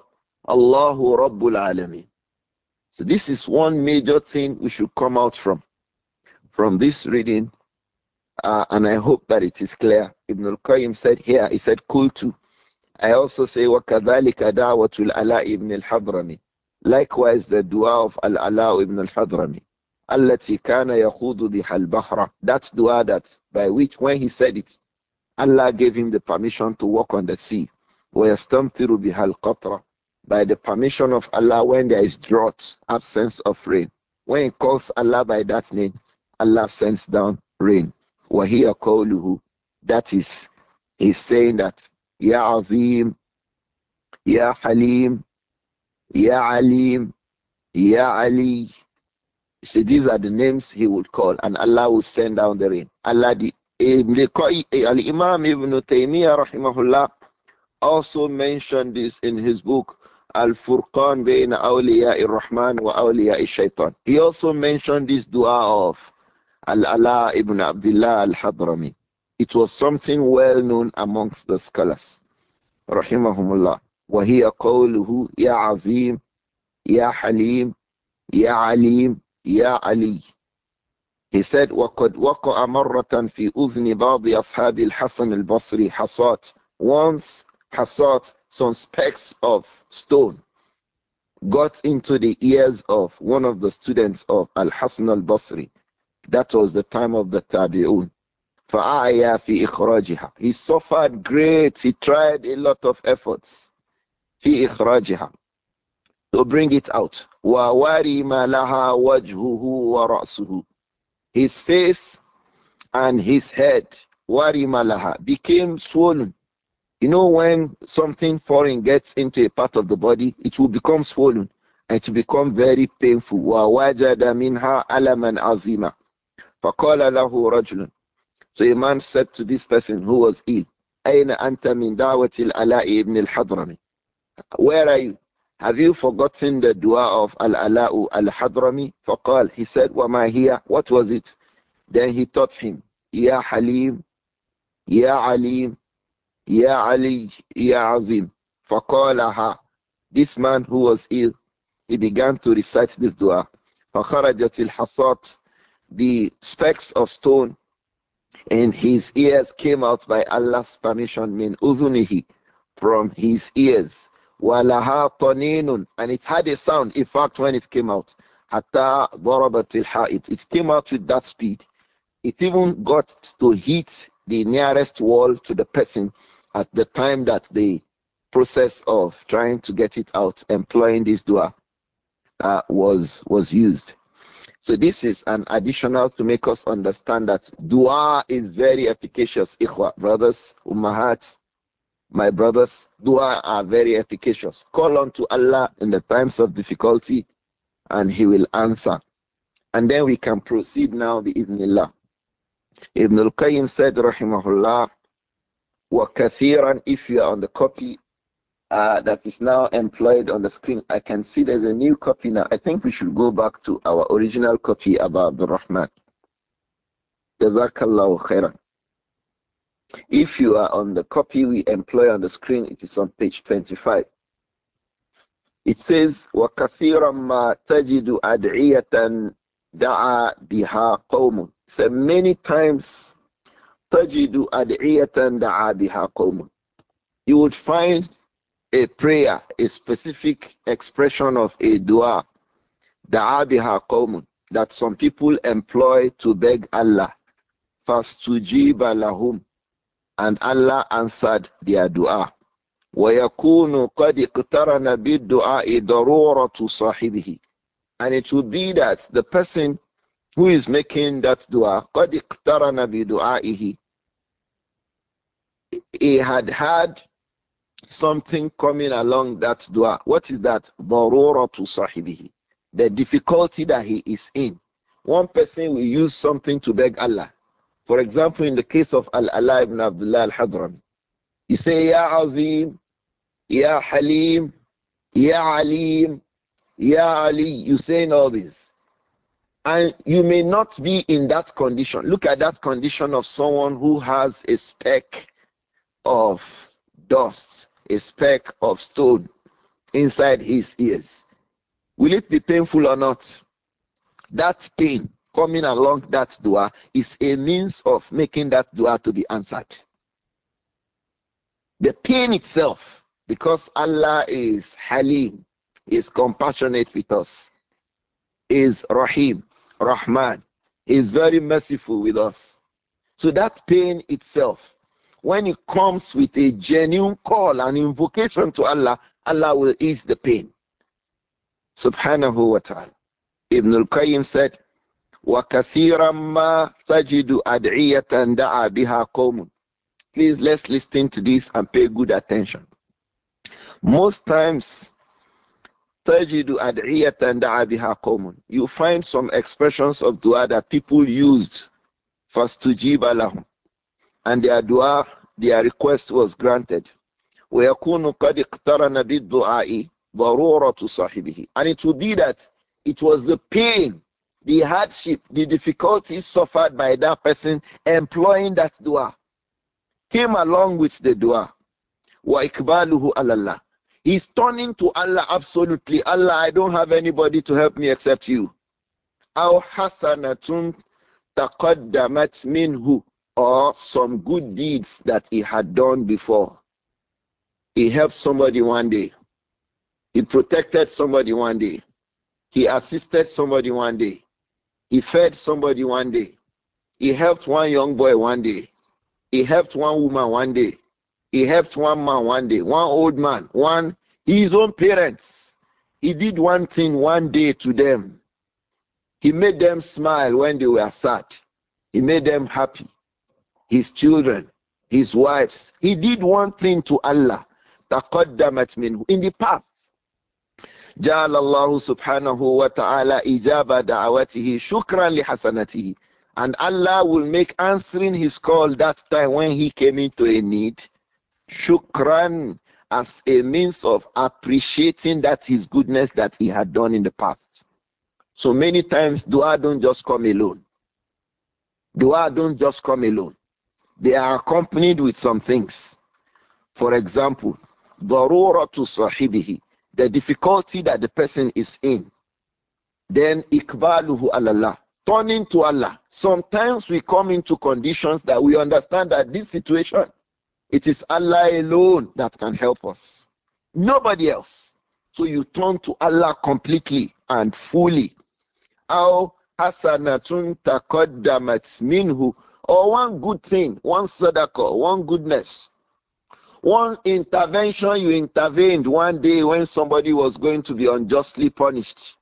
Allahu Rabbul Alameen. So this is one major thing we should come out from, from this reading. Uh, and I hope that it is clear. Ibn al-Qayyim said here, he said, cool too. I also say, وَكَذَلِكَ دَعْوَةُ Allah ibn al-Hadrami. Likewise, the dua of Al-Ala ibn al-Hadrami. التي كان يخوض بها البحر That dua that by which when he said it, Allah gave him the permission to walk on the sea. ويستمطر بها القطرة by the permission of Allah when there is drought, absence of rain. When he calls Allah by that name, Allah sends down rain. Wahiya qawluhu. That is, he's saying that, Ya Azim, Ya Halim, Ya Alim, Ya Ali. See, these are the names he would call, and Allah will send down the rain. Allah, the Al Imam Ibn Taymiyyah, rahimahullah, also mentioned this in his book, الفرقان بين أولياء الرحمن وأولياء الشيطان. He also mentioned this dua of Al-Ala ibn Abdullah al-Hadrami. It was something well known amongst the scholars. رحمهم الله. وهي قوله يا عظيم يا حليم يا عليم يا علي. He said وقد وقع مرة في أذن بعض أصحاب الحسن البصري حصات. Once حصات some specks of stone got into the ears of one of the students of Al Hasan al Basri. That was the time of the Tabi'un. He suffered great, he tried a lot of efforts. To bring it out. His face and his head became swollen you know, when something foreign gets into a part of the body, it will become swollen and to become very painful. وَوَجَدَ مِنْهَا أَلَمًا عَظِيمًا فَقَالَ لَهُ رَجُلٌ So a man said to this person who was ill, Where are you? Have you forgotten the dua of Al-Ala'u Al-Hadrami? He said, وَمَا هِيَ What was it? Then he taught him, Ya Halim, Ya عَلِيمُ Ya Ali, Ya Azim, فَقَالَهَا This man who was ill, he began to recite this dua. فَخَرَجَتِ الْحَصَاتِ The specks of stone in his ears came out by Allah's permission, min udhunihi, from his ears. وَلَهَا طَنِينٌ And it had a sound, in fact, when it came out. حَتَّى ضَرَبَتِ It came out with that speed. It even got to hit the nearest wall to the person at the time that the process of trying to get it out, employing this dua, uh, was was used. So this is an additional to make us understand that dua is very efficacious. Ikhwa, brothers, ummahat, my brothers, dua are very efficacious. Call unto Allah in the times of difficulty, and He will answer. And then we can proceed now, bi Ibnul Ibn al-Qayyim said, rahimahullah, وَكَثِيرًا if you are on the copy uh, that is now employed on the screen. I can see there's a new copy now. I think we should go back to our original copy about the Rahman. Jazakallahu khairan. If you are on the copy we employ on the screen, it is on page 25. It says, وَكَثِيرًا مَا تَجِدُ أَدْعِيَةً دَعَى بِهَا قَوْمٌ So many times تَجِدُ أَدْعِيَةً دَعَى بِهَا You would find a prayer, a specific expression of a dua, دَعَى بِهَا قَوْمٌ that some people employ to beg Allah. فَاسْتُجِيبَ لَهُمْ And Allah answered their dua. ويكون قد اقترن بالدعاء ضرورة صاحبه and it will be that the person who is making that dua, He had had something coming along that dua. What is that? ضَرُورَةُ صَاحِبِهِ The difficulty that he is in. One person will use something to beg Allah. For example, in the case of Al-Ala ibn Abdullah al-Hadrami, he say, Ya Azim, Ya Halim, Ya Alim, Ya Ali, you saying all this. And you may not be in that condition. Look at that condition of someone who has a speck of dust, a speck of stone inside his ears. Will it be painful or not? That pain coming along that dua is a means of making that dua to be answered. The pain itself, because Allah is Halim, is compassionate with us, is Rahim. Rahman. He is very merciful with us. So that pain itself, when it comes with a genuine call and invocation to Allah, Allah will ease the pain. Subhanahu wa ta'ala. Ibn al-Qayyim said, وَكَثِيرًا مَا تَجِدُ أَدْعِيَةً دَعَى بِهَا قَوْمٌ Please let's listen to this and pay good attention. Most times تَجِدُ أَدْعِيَةً You find some expressions of dua that people used فَاسْتُجِيبَ لَهُمْ And their dua, their request was granted. وَيَكُونُ قَدْ اقْتَرَنَ بِالدُّعَاءِ ضَرُورَةُ صَاحِبِهِ And it would be that it was the pain, the hardship, the difficulties suffered by that person employing that dua came along with the dua. وَإِقْبَالُهُ عَلَى اللَّهِ He's turning to Allah absolutely. Allah, I don't have anybody to help me except you. Aw hasanatun taqaddamat minhu or some good deeds that he had done before. He helped somebody one day. He protected somebody one day. He assisted somebody one day. He fed somebody one day. He helped one young boy one day. He helped one woman one day. He helped one man one day, one old man, one his own parents, he did one thing one day to them. He made them smile when they were sad. He made them happy. His children, his wives. He did one thing to Allah. تقدمت منه in the past جعل الله سبحانه وتعالى إجابة دعوته شكرا لحسناته and Allah will make answering his call that time when he came into a need shukran as a means of appreciating that his goodness that he had done in the past. So many times dua don't just come alone. Dua don't just come alone. They are accompanied with some things. For example, to sahibihi, the difficulty that the person is in. Then ikbaluhu Allah, turning to Allah. Sometimes we come into conditions that we understand that this situation it is Allah alone that can help us. Nobody else. So you turn to Allah completely and fully. How hasanatun taqaddamat minhu or one good thing, one sadaqah, one goodness, one intervention you intervened one day when somebody was going to be unjustly punished.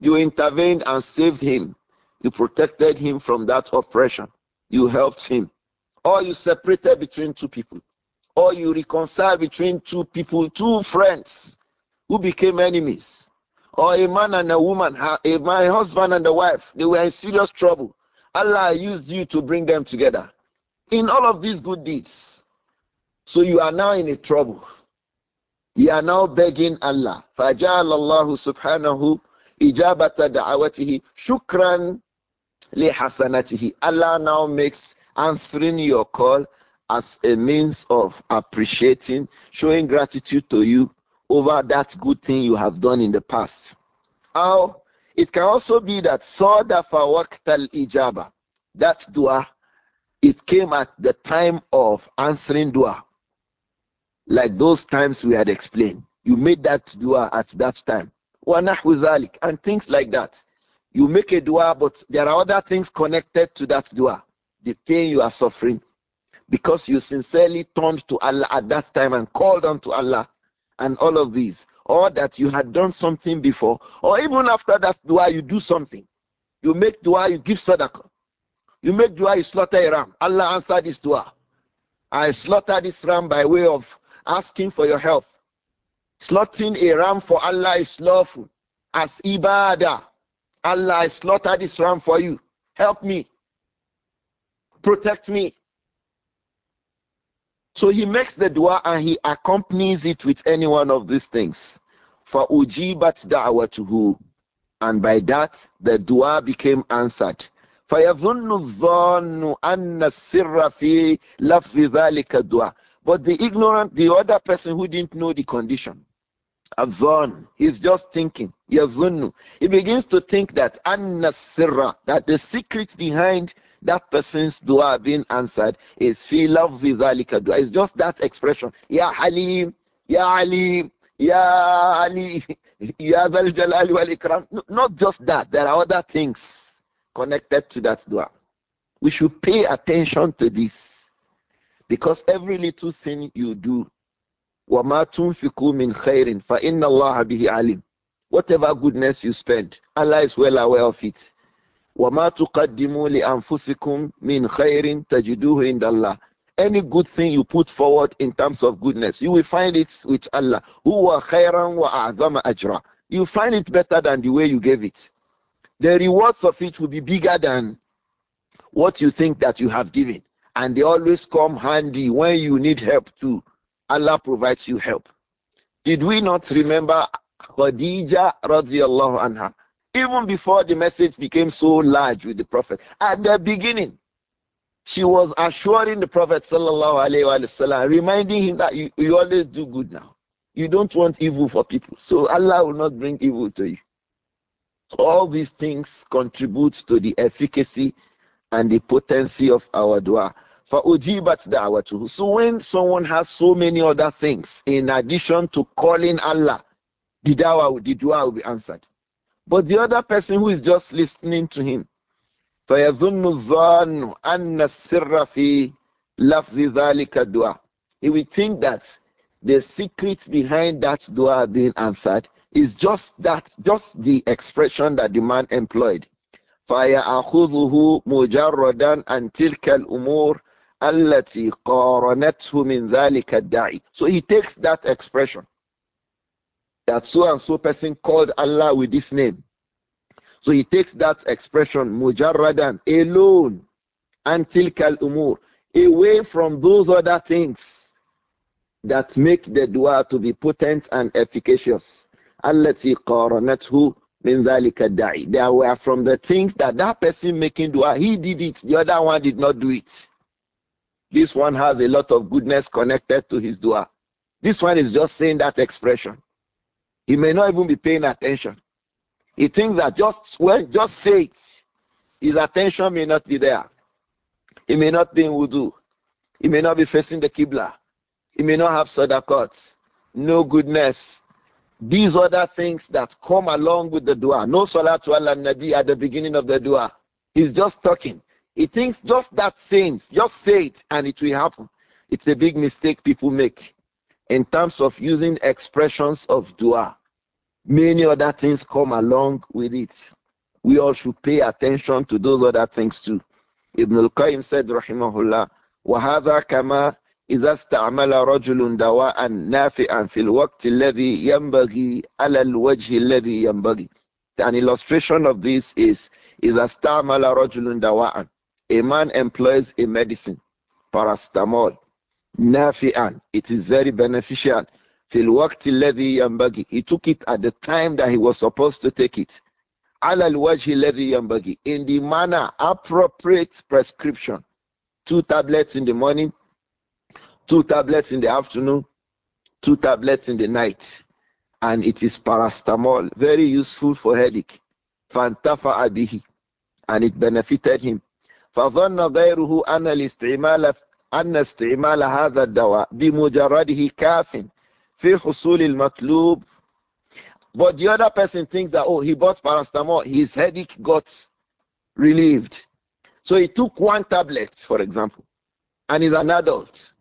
You intervened and saved him. You protected him from that oppression. You helped him. Or you separated between two people or you reconcile between two people, two friends who became enemies, or a man and a woman, a man, husband and a wife, they were in serious trouble. Allah used you to bring them together in all of these good deeds. So you are now in a trouble. You are now begging Allah. فَجَعَلَ اللَّهُ سُبْحَانَهُ إِجَابَةَ دَعَوَتِهِ شُكْرًا لحسناته. Allah now makes answering your call as a means of appreciating, showing gratitude to you over that good thing you have done in the past. How it can also be that Sadafa Waqtal Ijaba, that dua, it came at the time of answering dua. Like those times we had explained. You made that dua at that time. And things like that. You make a dua, but there are other things connected to that dua. The pain you are suffering, because you sincerely turned to Allah at that time and called unto Allah and all of these, or that you had done something before, or even after that dua, you do something. You make dua, you give sadaqah. You make dua, you slaughter a ram. Allah answered this dua. I slaughtered this ram by way of asking for your help. Slaughtering a ram for Allah is lawful. As ibadah, Allah, I this ram for you. Help me. Protect me. So he makes the dua and he accompanies it with any one of these things. For ujibat da'watuhu. And by that, the dua became answered. فيظن الظن أن السر في لفظ ذلك but the ignorant the other person who didn't know the condition الظن he's just thinking يظن he begins to think that أن السر that the secret behind that person's dua being answered is fi lafzi dhalika dua. It's just that expression. Ya Halim, Ya Ali, Ya Ali, Ya Dhal Jalali wal Ikram. not just that. There are other things connected to that dua. We should pay attention to this because every little thing you do, وَمَا تُنْفِقُوا مِنْ خَيْرٍ فَإِنَّ اللَّهَ بِهِ عَلِيمٌ Whatever goodness you spend, Allah is well aware of it. وَمَا تُقَدِّمُوا لِأَنفُسِكُمْ مِنْ خَيْرٍ تَجِدُوهُ إِنْدَ اللَّهِ Any good thing you put forward in terms of goodness, you will find it with Allah. هُوَ خَيْرًا وَأَعْظَمَ أَجْرًا You find it better than the way you gave it. The rewards of it will be bigger than what you think that you have given. And they always come handy when you need help too. Allah provides you help. Did we not remember Khadija radiallahu anha? even before the message became so large with the Prophet. At the beginning, she was assuring the Prophet wasallam, reminding him that you, you always do good now. You don't want evil for people. So Allah will not bring evil to you. All these things contribute to the efficacy and the potency of our dua. for فأجيبت دعوته. So when someone has so many other things in addition to calling Allah, the dua, the dua will be answered. But the other person who is just listening to him, فيظن الظان أن السر في لفظ ذلك الدعاء. He will think that the secret behind that dua being answered is just that, just the expression that the man employed. فيأخذه مجردا أَنْ تلك الأمور التي قارنته من ذلك الداعي. So he takes that expression that so and so person called Allah with this name. So he takes that expression, mujarradan, alone, until kal umur, away from those other things that make the dua to be potent and efficacious. Allati qaranathu min dhalika da'i. They were from the things that that person making dua, he did it, the other one did not do it. This one has a lot of goodness connected to his dua. This one is just saying that expression. He may not even be paying attention. He thinks that just well, just say it. His attention may not be there. He may not be in wudu. He may not be facing the Qibla. He may not have sadaqat. No goodness. These other things that come along with the dua. No salah to Allah Nabi at the beginning of the dua. He's just talking. He thinks just that same. just say it and it will happen. It's a big mistake people make in terms of using expressions of dua. Many other things come along with it. We all should pay attention to those other things too. Ibn al-Qayyim said, rahimahullah, وَهَذَا كَمَا إذا استعمل رجل دواء نافعا في الوقت الذي ينبغي على الوجه الذي ينبغي. An illustration of this is إذا استعمل رجل دواء. A man employs a medicine, paracetamol, nafi'an. It is very beneficial. Fil waqti alladhi yanbaghi. He took it at the time that he was supposed to take it. Ala alwajhi alladhi yanbaghi. In the manner appropriate prescription. Two tablets in the morning, two tablets in the afternoon, two tablets in the night. And it is paracetamol, very useful for headache. Fantafa abihi. And it benefited him. فظن غيره أن الاستعمال أن استعمال هذا الدواء بمجرده كاف في حصول المطلوب but the other person thinks that oh he bought paracetamol his headache got relieved so he took one tablet for example and he's an adult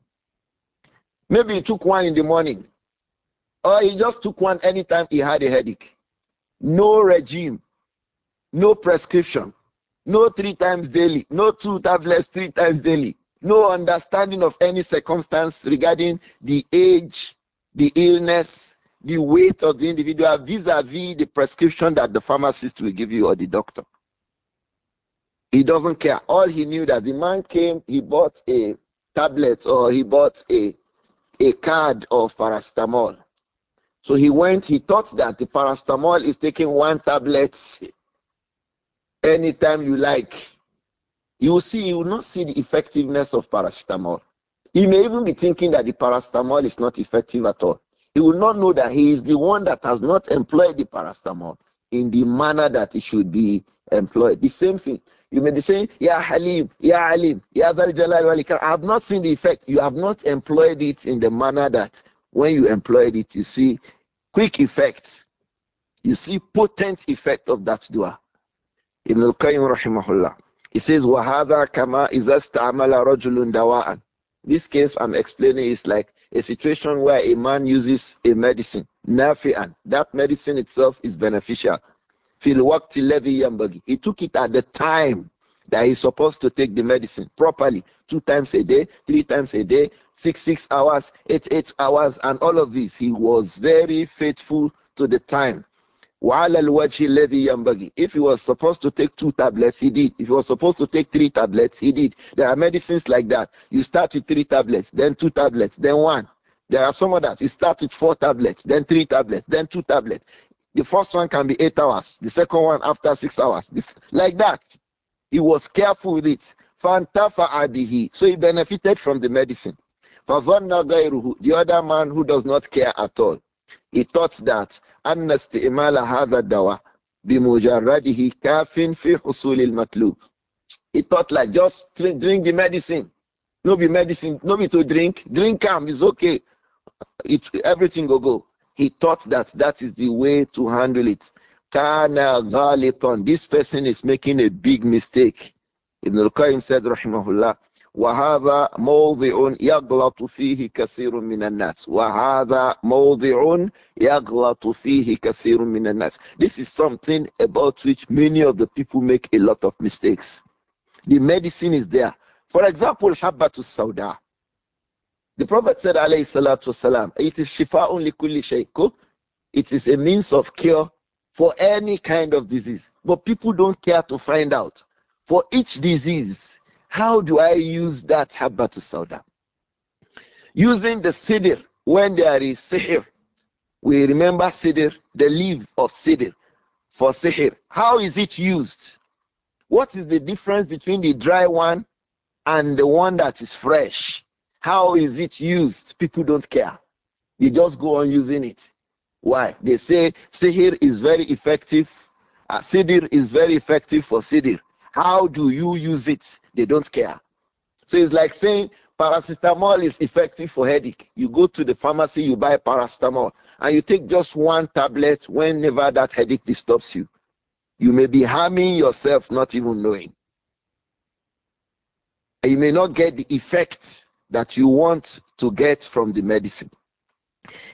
maybe he took one in the morning or he just took one anytime he had a headache no regime no prescription no three times daily no two tablets three times daily no understanding of any circumstance regarding the age, the illness, the weight of the individual vis a vis the prescription that the pharmacist will give you or the doctor. He doesn't care. All he knew that the man came, he bought a tablet or he bought a, a card of paracetamol. So he went, he thought that the paracetamol is taking one tablet anytime you like you will see you will not see the effectiveness of paracetamol. He may even be thinking that the paracetamol is not effective at all. He will not know that he is the one that has not employed the paracetamol in the manner that it should be employed. The same thing. You may be saying, Ya Halim, Ya Alim, Ya Dal Jalal Walika. I have not seen the effect. You have not employed it in the manner that when you employed it, you see quick effect. You see potent effect of that dua. Ibn al-Qayyim rahimahullah. It says, wahada kama إِذَا اسْتَعْمَلَ رَجُلٌ This case I'm explaining is like a situation where a man uses a medicine, nafi'an. That medicine itself is beneficial. walked الْوَقْتِ الَّذِي يَنْبَغِي He took it at the time that he's supposed to take the medicine properly two times a day, three times a day, six, six hours, eight, eight hours, and all of this. He was very faithful to the time. If he was supposed to take two tablets, he did. If he was supposed to take three tablets, he did. There are medicines like that. You start with three tablets, then two tablets, then one. There are some others. You start with four tablets, then three tablets, then two tablets. The first one can be eight hours, the second one after six hours. like that. He was careful with it. So he benefited from the medicine. The other man who does not care at all. He thought that أن استعمال هذا الدواء بمجرده كاف في حصول He thought like just drink, drink the medicine. No be medicine, no be to drink. Drink calm, it's okay. It, everything will go. He thought that that is the way to handle it. Kana This person is making a big mistake. Ibn al-Qayyim said, Rahimahullah, وهذا موضع يغلط فيه كثير من الناس وهذا موضع يغلط فيه كثير من الناس This is something about which many of the people make a lot of mistakes. The medicine is there. For example, حبة السوداء. The Prophet said عليه الصلاة والسلام It is شفاء لكل شيء It is a means of cure for any kind of disease. But people don't care to find out. For each disease, how do I use that habba to Sauda? Using the Sidr when there is Sihr. We remember Sidr, the leaf of Sidr for Sihr. How is it used? What is the difference between the dry one and the one that is fresh? How is it used? People don't care. They just go on using it. Why? They say Sihir is very effective. Uh, Sidir is very effective for Sidir. How do you use it? They don't care. So it's like saying paracetamol is effective for headache. You go to the pharmacy, you buy paracetamol, and you take just one tablet whenever that headache disturbs you. You may be harming yourself, not even knowing. And you may not get the effect that you want to get from the medicine.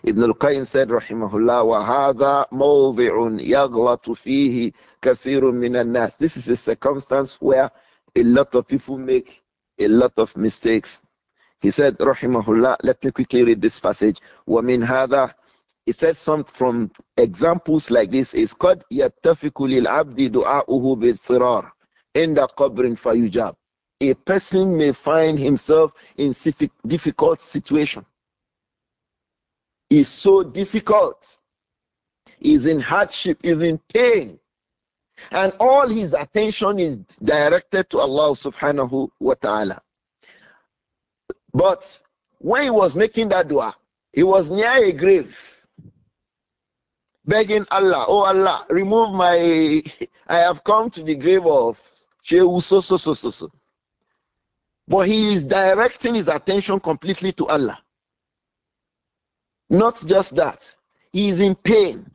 Ibn al-Qayyim said, rahimahullah, وَهَذَا مَوْضِعٌ يَغْلَطُ فِيهِ كَثِيرٌ مِنَ النَّاسِ This is a circumstance where a lot of people make a lot of mistakes. He said, rahimahullah, let me quickly read this passage. وَمِنْ هَذَا He says, some from examples like this is قَدْ يَتَّفِكُ لِلْعَبْدِ دُعَاؤُهُ بِالْثِرَارِ enda قَبْرٍ فَيُجَابُ A person may find himself in difficult situation is so difficult, is in hardship, is in pain. And all his attention is directed to Allah subhanahu wa ta'ala. But when he was making that dua, he was near a grave, begging Allah, Oh Allah, remove my. I have come to the grave of Shehu so so so so so. But he is directing his attention completely to Allah. Not just that, he is in pain,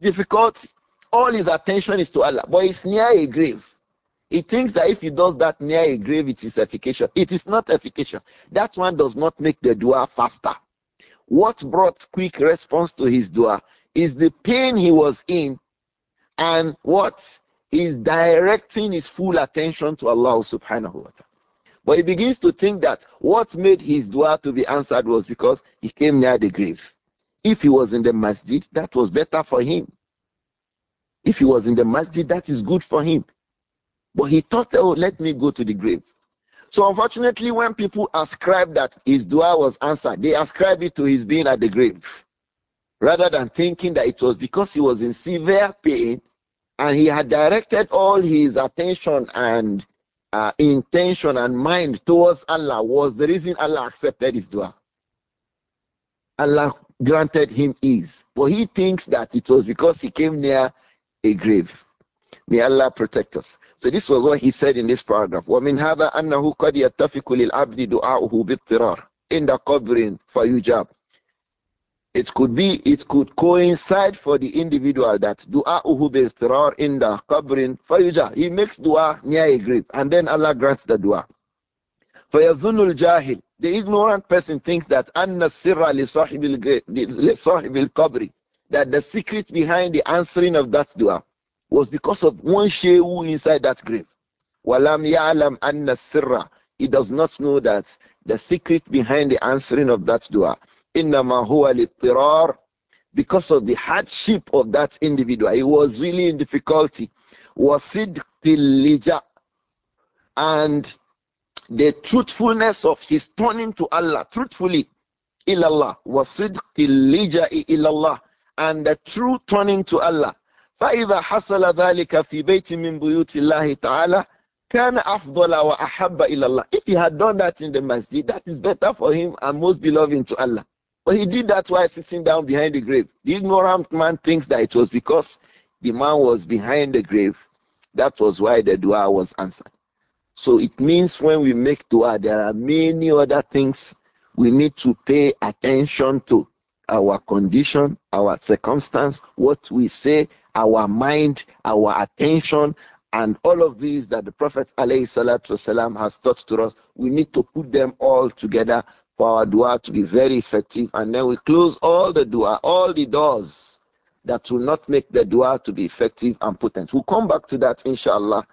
difficulty. All his attention is to Allah, but he's near a grave. He thinks that if he does that near a grave, it is efficacious. It is not efficacious. That one does not make the dua faster. What brought quick response to his dua is the pain he was in and what is directing his full attention to Allah subhanahu wa ta'ala. But he begins to think that what made his dua to be answered was because he came near the grave. If he was in the masjid, that was better for him. If he was in the masjid, that is good for him. But he thought, oh, let me go to the grave. So unfortunately, when people ascribe that his dua was answered, they ascribe it to his being at the grave, rather than thinking that it was because he was in severe pain and he had directed all his attention and uh, intention and mind towards Allah was the reason Allah accepted his dua. Allah granted him ease. But he thinks that it was because he came near a grave. May Allah protect us. So this was what he said in this paragraph. وَمِنْ هَذَا أَنَّهُ قَدْ يَتَّفِقُ لِلْعَبْدِ دُعَاؤُهُ بِاضْطِرَارٍ إِنْدَ قَبْرٍ فَيُجَابُ it could be, it could coincide for the individual that dua uhu bistirar in the qabrin fayuja. He makes dua near a grave and then Allah grants the dua. For yazunul jahil. The ignorant person thinks that anna sirra li sahibil That the secret behind the answering of that dua was because of one shehu inside that grave. Walam ya'lam anna sirra. He does not know that the secret behind the answering of that dua إنما هو الاضطرار because of the hardship of that individual. He was really in difficulty. وصدق اللجأ and the truthfulness of his turning to Allah truthfully ilallah وصدق اللجأ ilallah and the true turning to Allah فإذا حصل ذلك في بيت من بيوت الله تعالى كان أفضل وأحب إلى الله if he had done that in the masjid that is better for him and most beloved to Allah but he did that while sitting down behind the grave. The ignorant man thinks that it was because the man was behind the grave. That was why the dua was answered. So it means when we make dua, there are many other things we need to pay attention to our condition, our circumstance, what we say, our mind, our attention, and all of these that the Prophet ﷺ has taught to us, we need to put them all together for our dua to be very effective. And then we close all the dua, all the doors that will not make the dua to be effective and potent. We'll come back to that, inshallah,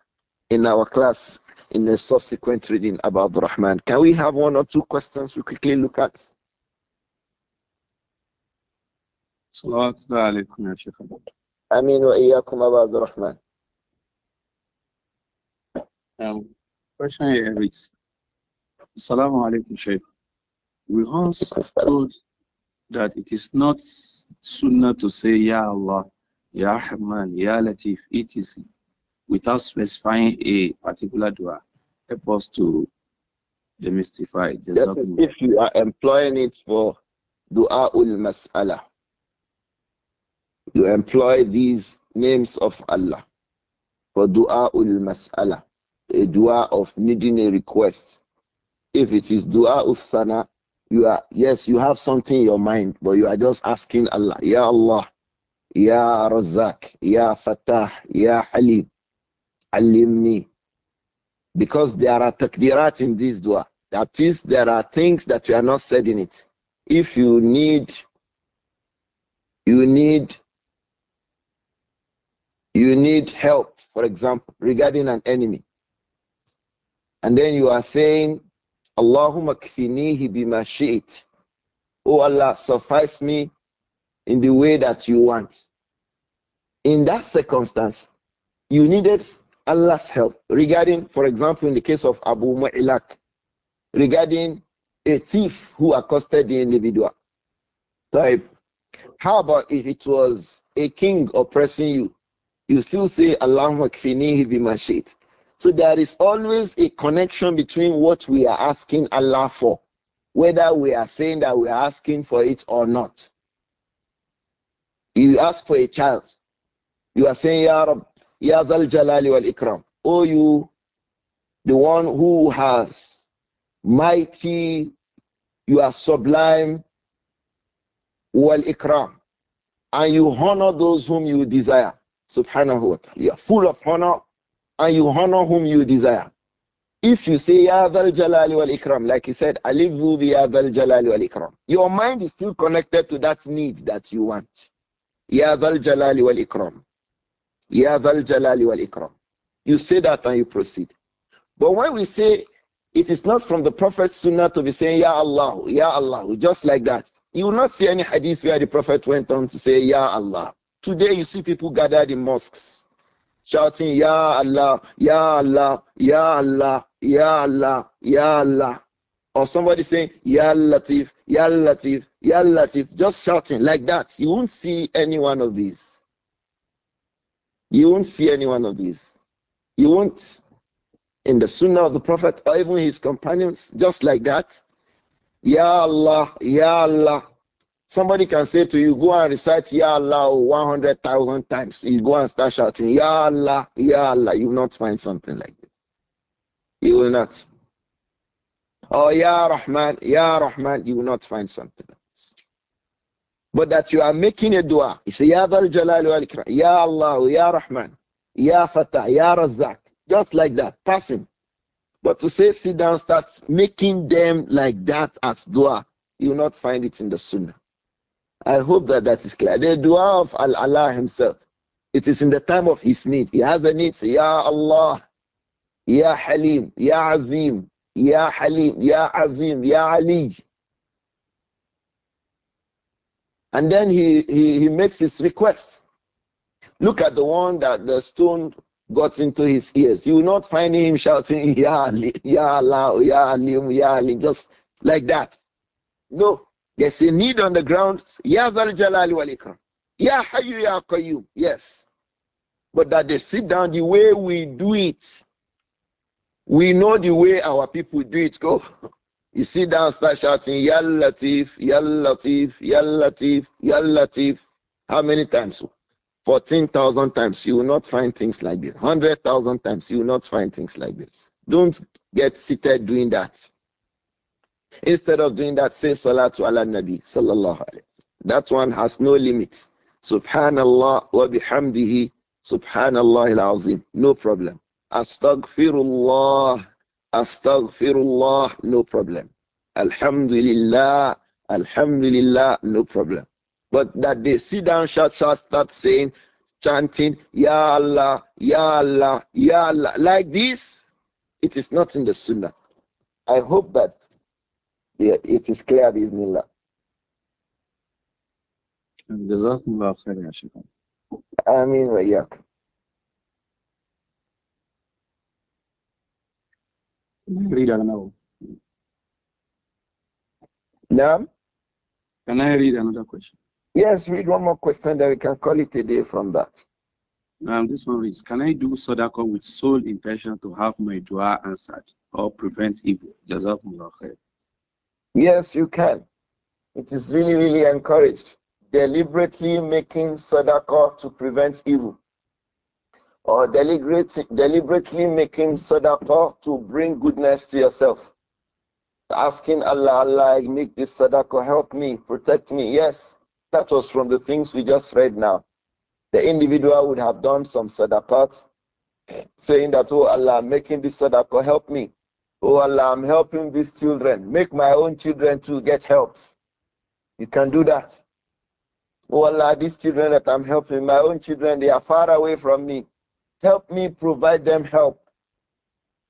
in our class in the subsequent reading about the Rahman. Can we have one or two questions we quickly look at? wa Rahman. Um, question here is Assalamu alaikum, Shaykh. We understood told that it is not sunnah to say Ya Allah, Ya Rahman, Ya Latif, etc. without specifying a particular dua. Help us to demystify the That is if you are employing it for dua ul mas'ala. You employ these names of Allah for dua ul mas'ala, a dua of needing a request. If it is dua ul sana, you are yes, you have something in your mind, but you are just asking Allah, Ya Allah, Ya Razak, Ya Fatah, Ya Halim, Alimni. Because there are takdirat in this dua. That is, there are things that you are not said in it. If you need, you need, you need help, for example, regarding an enemy. And then you are saying, Allahumma kfinihi bimashit. shi'it. Oh Allah, suffice me in the way that you want. In that circumstance, you needed Allah's help regarding, for example, in the case of Abu Mu'ilak, regarding a thief who accosted the individual. So, how about if it was a king oppressing you? You still say, Allahumma kfinihi bimashit. So there is always a connection between what we are asking Allah for, whether we are saying that we are asking for it or not. You ask for a child, you are saying, Ya Rab, Ya Zal Jalali wal Ikram. Oh, you, the one who has mighty, you are sublime, wal Ikram. And you honor those whom you desire. Subhanahu wa ta'ala. You are full of honor and you honor whom you desire. If you say Ya Dhal Jalali wal Ikram, like he said, Alivu bi Ya Dhal Jalali wal Ikram, your mind is still connected to that need that you want. Ya Dhal Jalali wal Ikram. Ya Dhal Jalali wal Ikram. You say that and you proceed. But when we say it is not from the Prophet's Sunnah to be saying Ya Allah, Ya Allah, just like that. You will not see any hadith where the Prophet went on to say Ya Allah. Today you see people gathered in mosques shouting, Ya Allah, Ya Allah, Ya Allah, Ya Allah, Ya Allah. Or somebody saying, Ya Latif, Ya Latif, Ya Latif, just shouting like that. You won't see any one of these. You won't see any one of these. You won't in the Sunnah of the Prophet or even his companions, just like that. Ya Allah, Ya Allah, Somebody can say to you, go and recite Ya Allah 100,000 times. You go and start shouting, Ya Allah, Ya Allah. You will not find something like this. You will not. Oh, Ya Rahman, Ya Rahman. You will not find something like this. But that you are making a dua. You say, Ya Dal Jalal wal Ikram, Ya Allah, Ya Rahman, Ya Fatah, Ya Razak. Just like that, passing. But to say sit down, start making them like that as dua, you will not find it in the Sunnah. I hope that that is clear. The dua of Allah Himself. It is in the time of His need. He has a need. Say, ya Allah, Ya Halim, Ya Azim, Ya Halim, Ya Azim, Ya Ali. And then he, he, he makes his request. Look at the one that the stone got into his ears. You will not find him shouting, Ya, Ali, ya Allah, Ya Alim, Ya Ali, just like that. No. There's a need on the ground. Ya Zal Jalali wal Ikram. Ya Ya Yes. But that they sit down the way we do it. We know the way our people do it. Go. You sit down, start shouting, Ya Latif, Ya Latif, Ya Latif, Ya Latif. How many times? 14,000 times. You will not find things like this. 100,000 times. You will not find things like this. Don't get seated doing that. Instead of doing that, say Salatu ala Nabi. Sallallahu alayhi. That one has no limits. Subhanallah wa bihamdihi. Subhanallah al-Azim. No problem. Astaghfirullah. Astaghfirullah. No problem. Alhamdulillah. Alhamdulillah. No problem. But that they sit down, shout, shout, start saying, chanting, Ya Allah, Ya Allah, Ya Allah, like this, it is not in the Sunnah. I hope that it is clear بإذن الله جزاكم الله خير يا شيخ آمين read another one? Can I read another question? Yes, read one more question, then we can call it a day from that. Um, this one is Can I do sadaqah with sole intention to have my dua answered or prevent evil? Jazakumullah khair. Yes, you can. It is really, really encouraged. Deliberately making sadaqah to prevent evil. Or deliberately making sadaqah to bring goodness to yourself. Asking Allah, Allah, make this sadaqah, help me, protect me. Yes, that was from the things we just read now. The individual would have done some sadaqahs, saying that, oh Allah, making this sadaqah, help me Oh Allah, I'm helping these children. Make my own children to get help. You can do that. Oh Allah, these children that I'm helping, my own children, they are far away from me. Help me provide them help.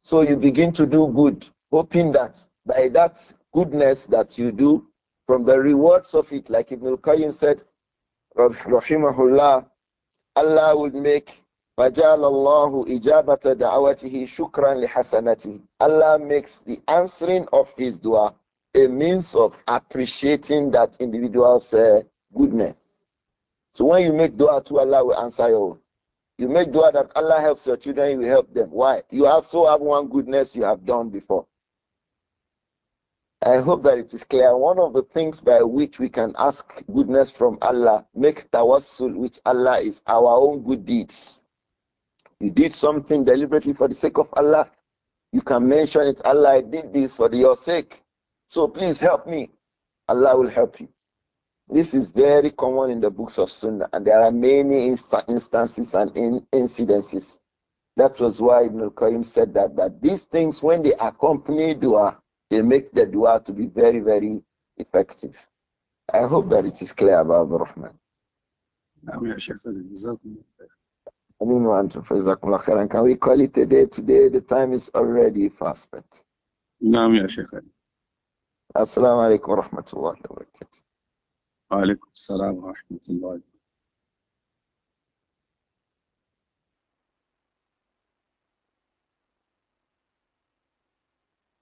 So you begin to do good, hoping that by that goodness that you do, from the rewards of it, like Ibn al-Qayyim said, Rahimahullah, Allah would make فَجَعَلَ اللَّهُ إِجَابَةَ دَعَوَتِهِ شُكْرًا Hasanati. Allah makes the answering of his dua a means of appreciating that individual's uh, goodness. So when you make dua to Allah, will answer your own. You make dua that Allah helps your children, He will help them. Why? You also have one goodness you have done before. I hope that it is clear. One of the things by which we can ask goodness from Allah, make tawassul which Allah, is our own good deeds. You did something deliberately for the sake of Allah. You can mention it, Allah, I did this for your sake. So please help me. Allah will help you. This is very common in the books of Sunnah, and there are many insta instances and in incidences. That was why Ibn al-Qayyim said that, that these things, when they accompany dua, they make the dua to be very, very effective. I hope that it is clear about the Rahman. I didn't want to phrase that. Can we call it a day today? The time is already fast But Naam, ya Sheikh Ali. Assalamu alaikum wa rahmatullahi wa rahmatullahi wa barakatuh.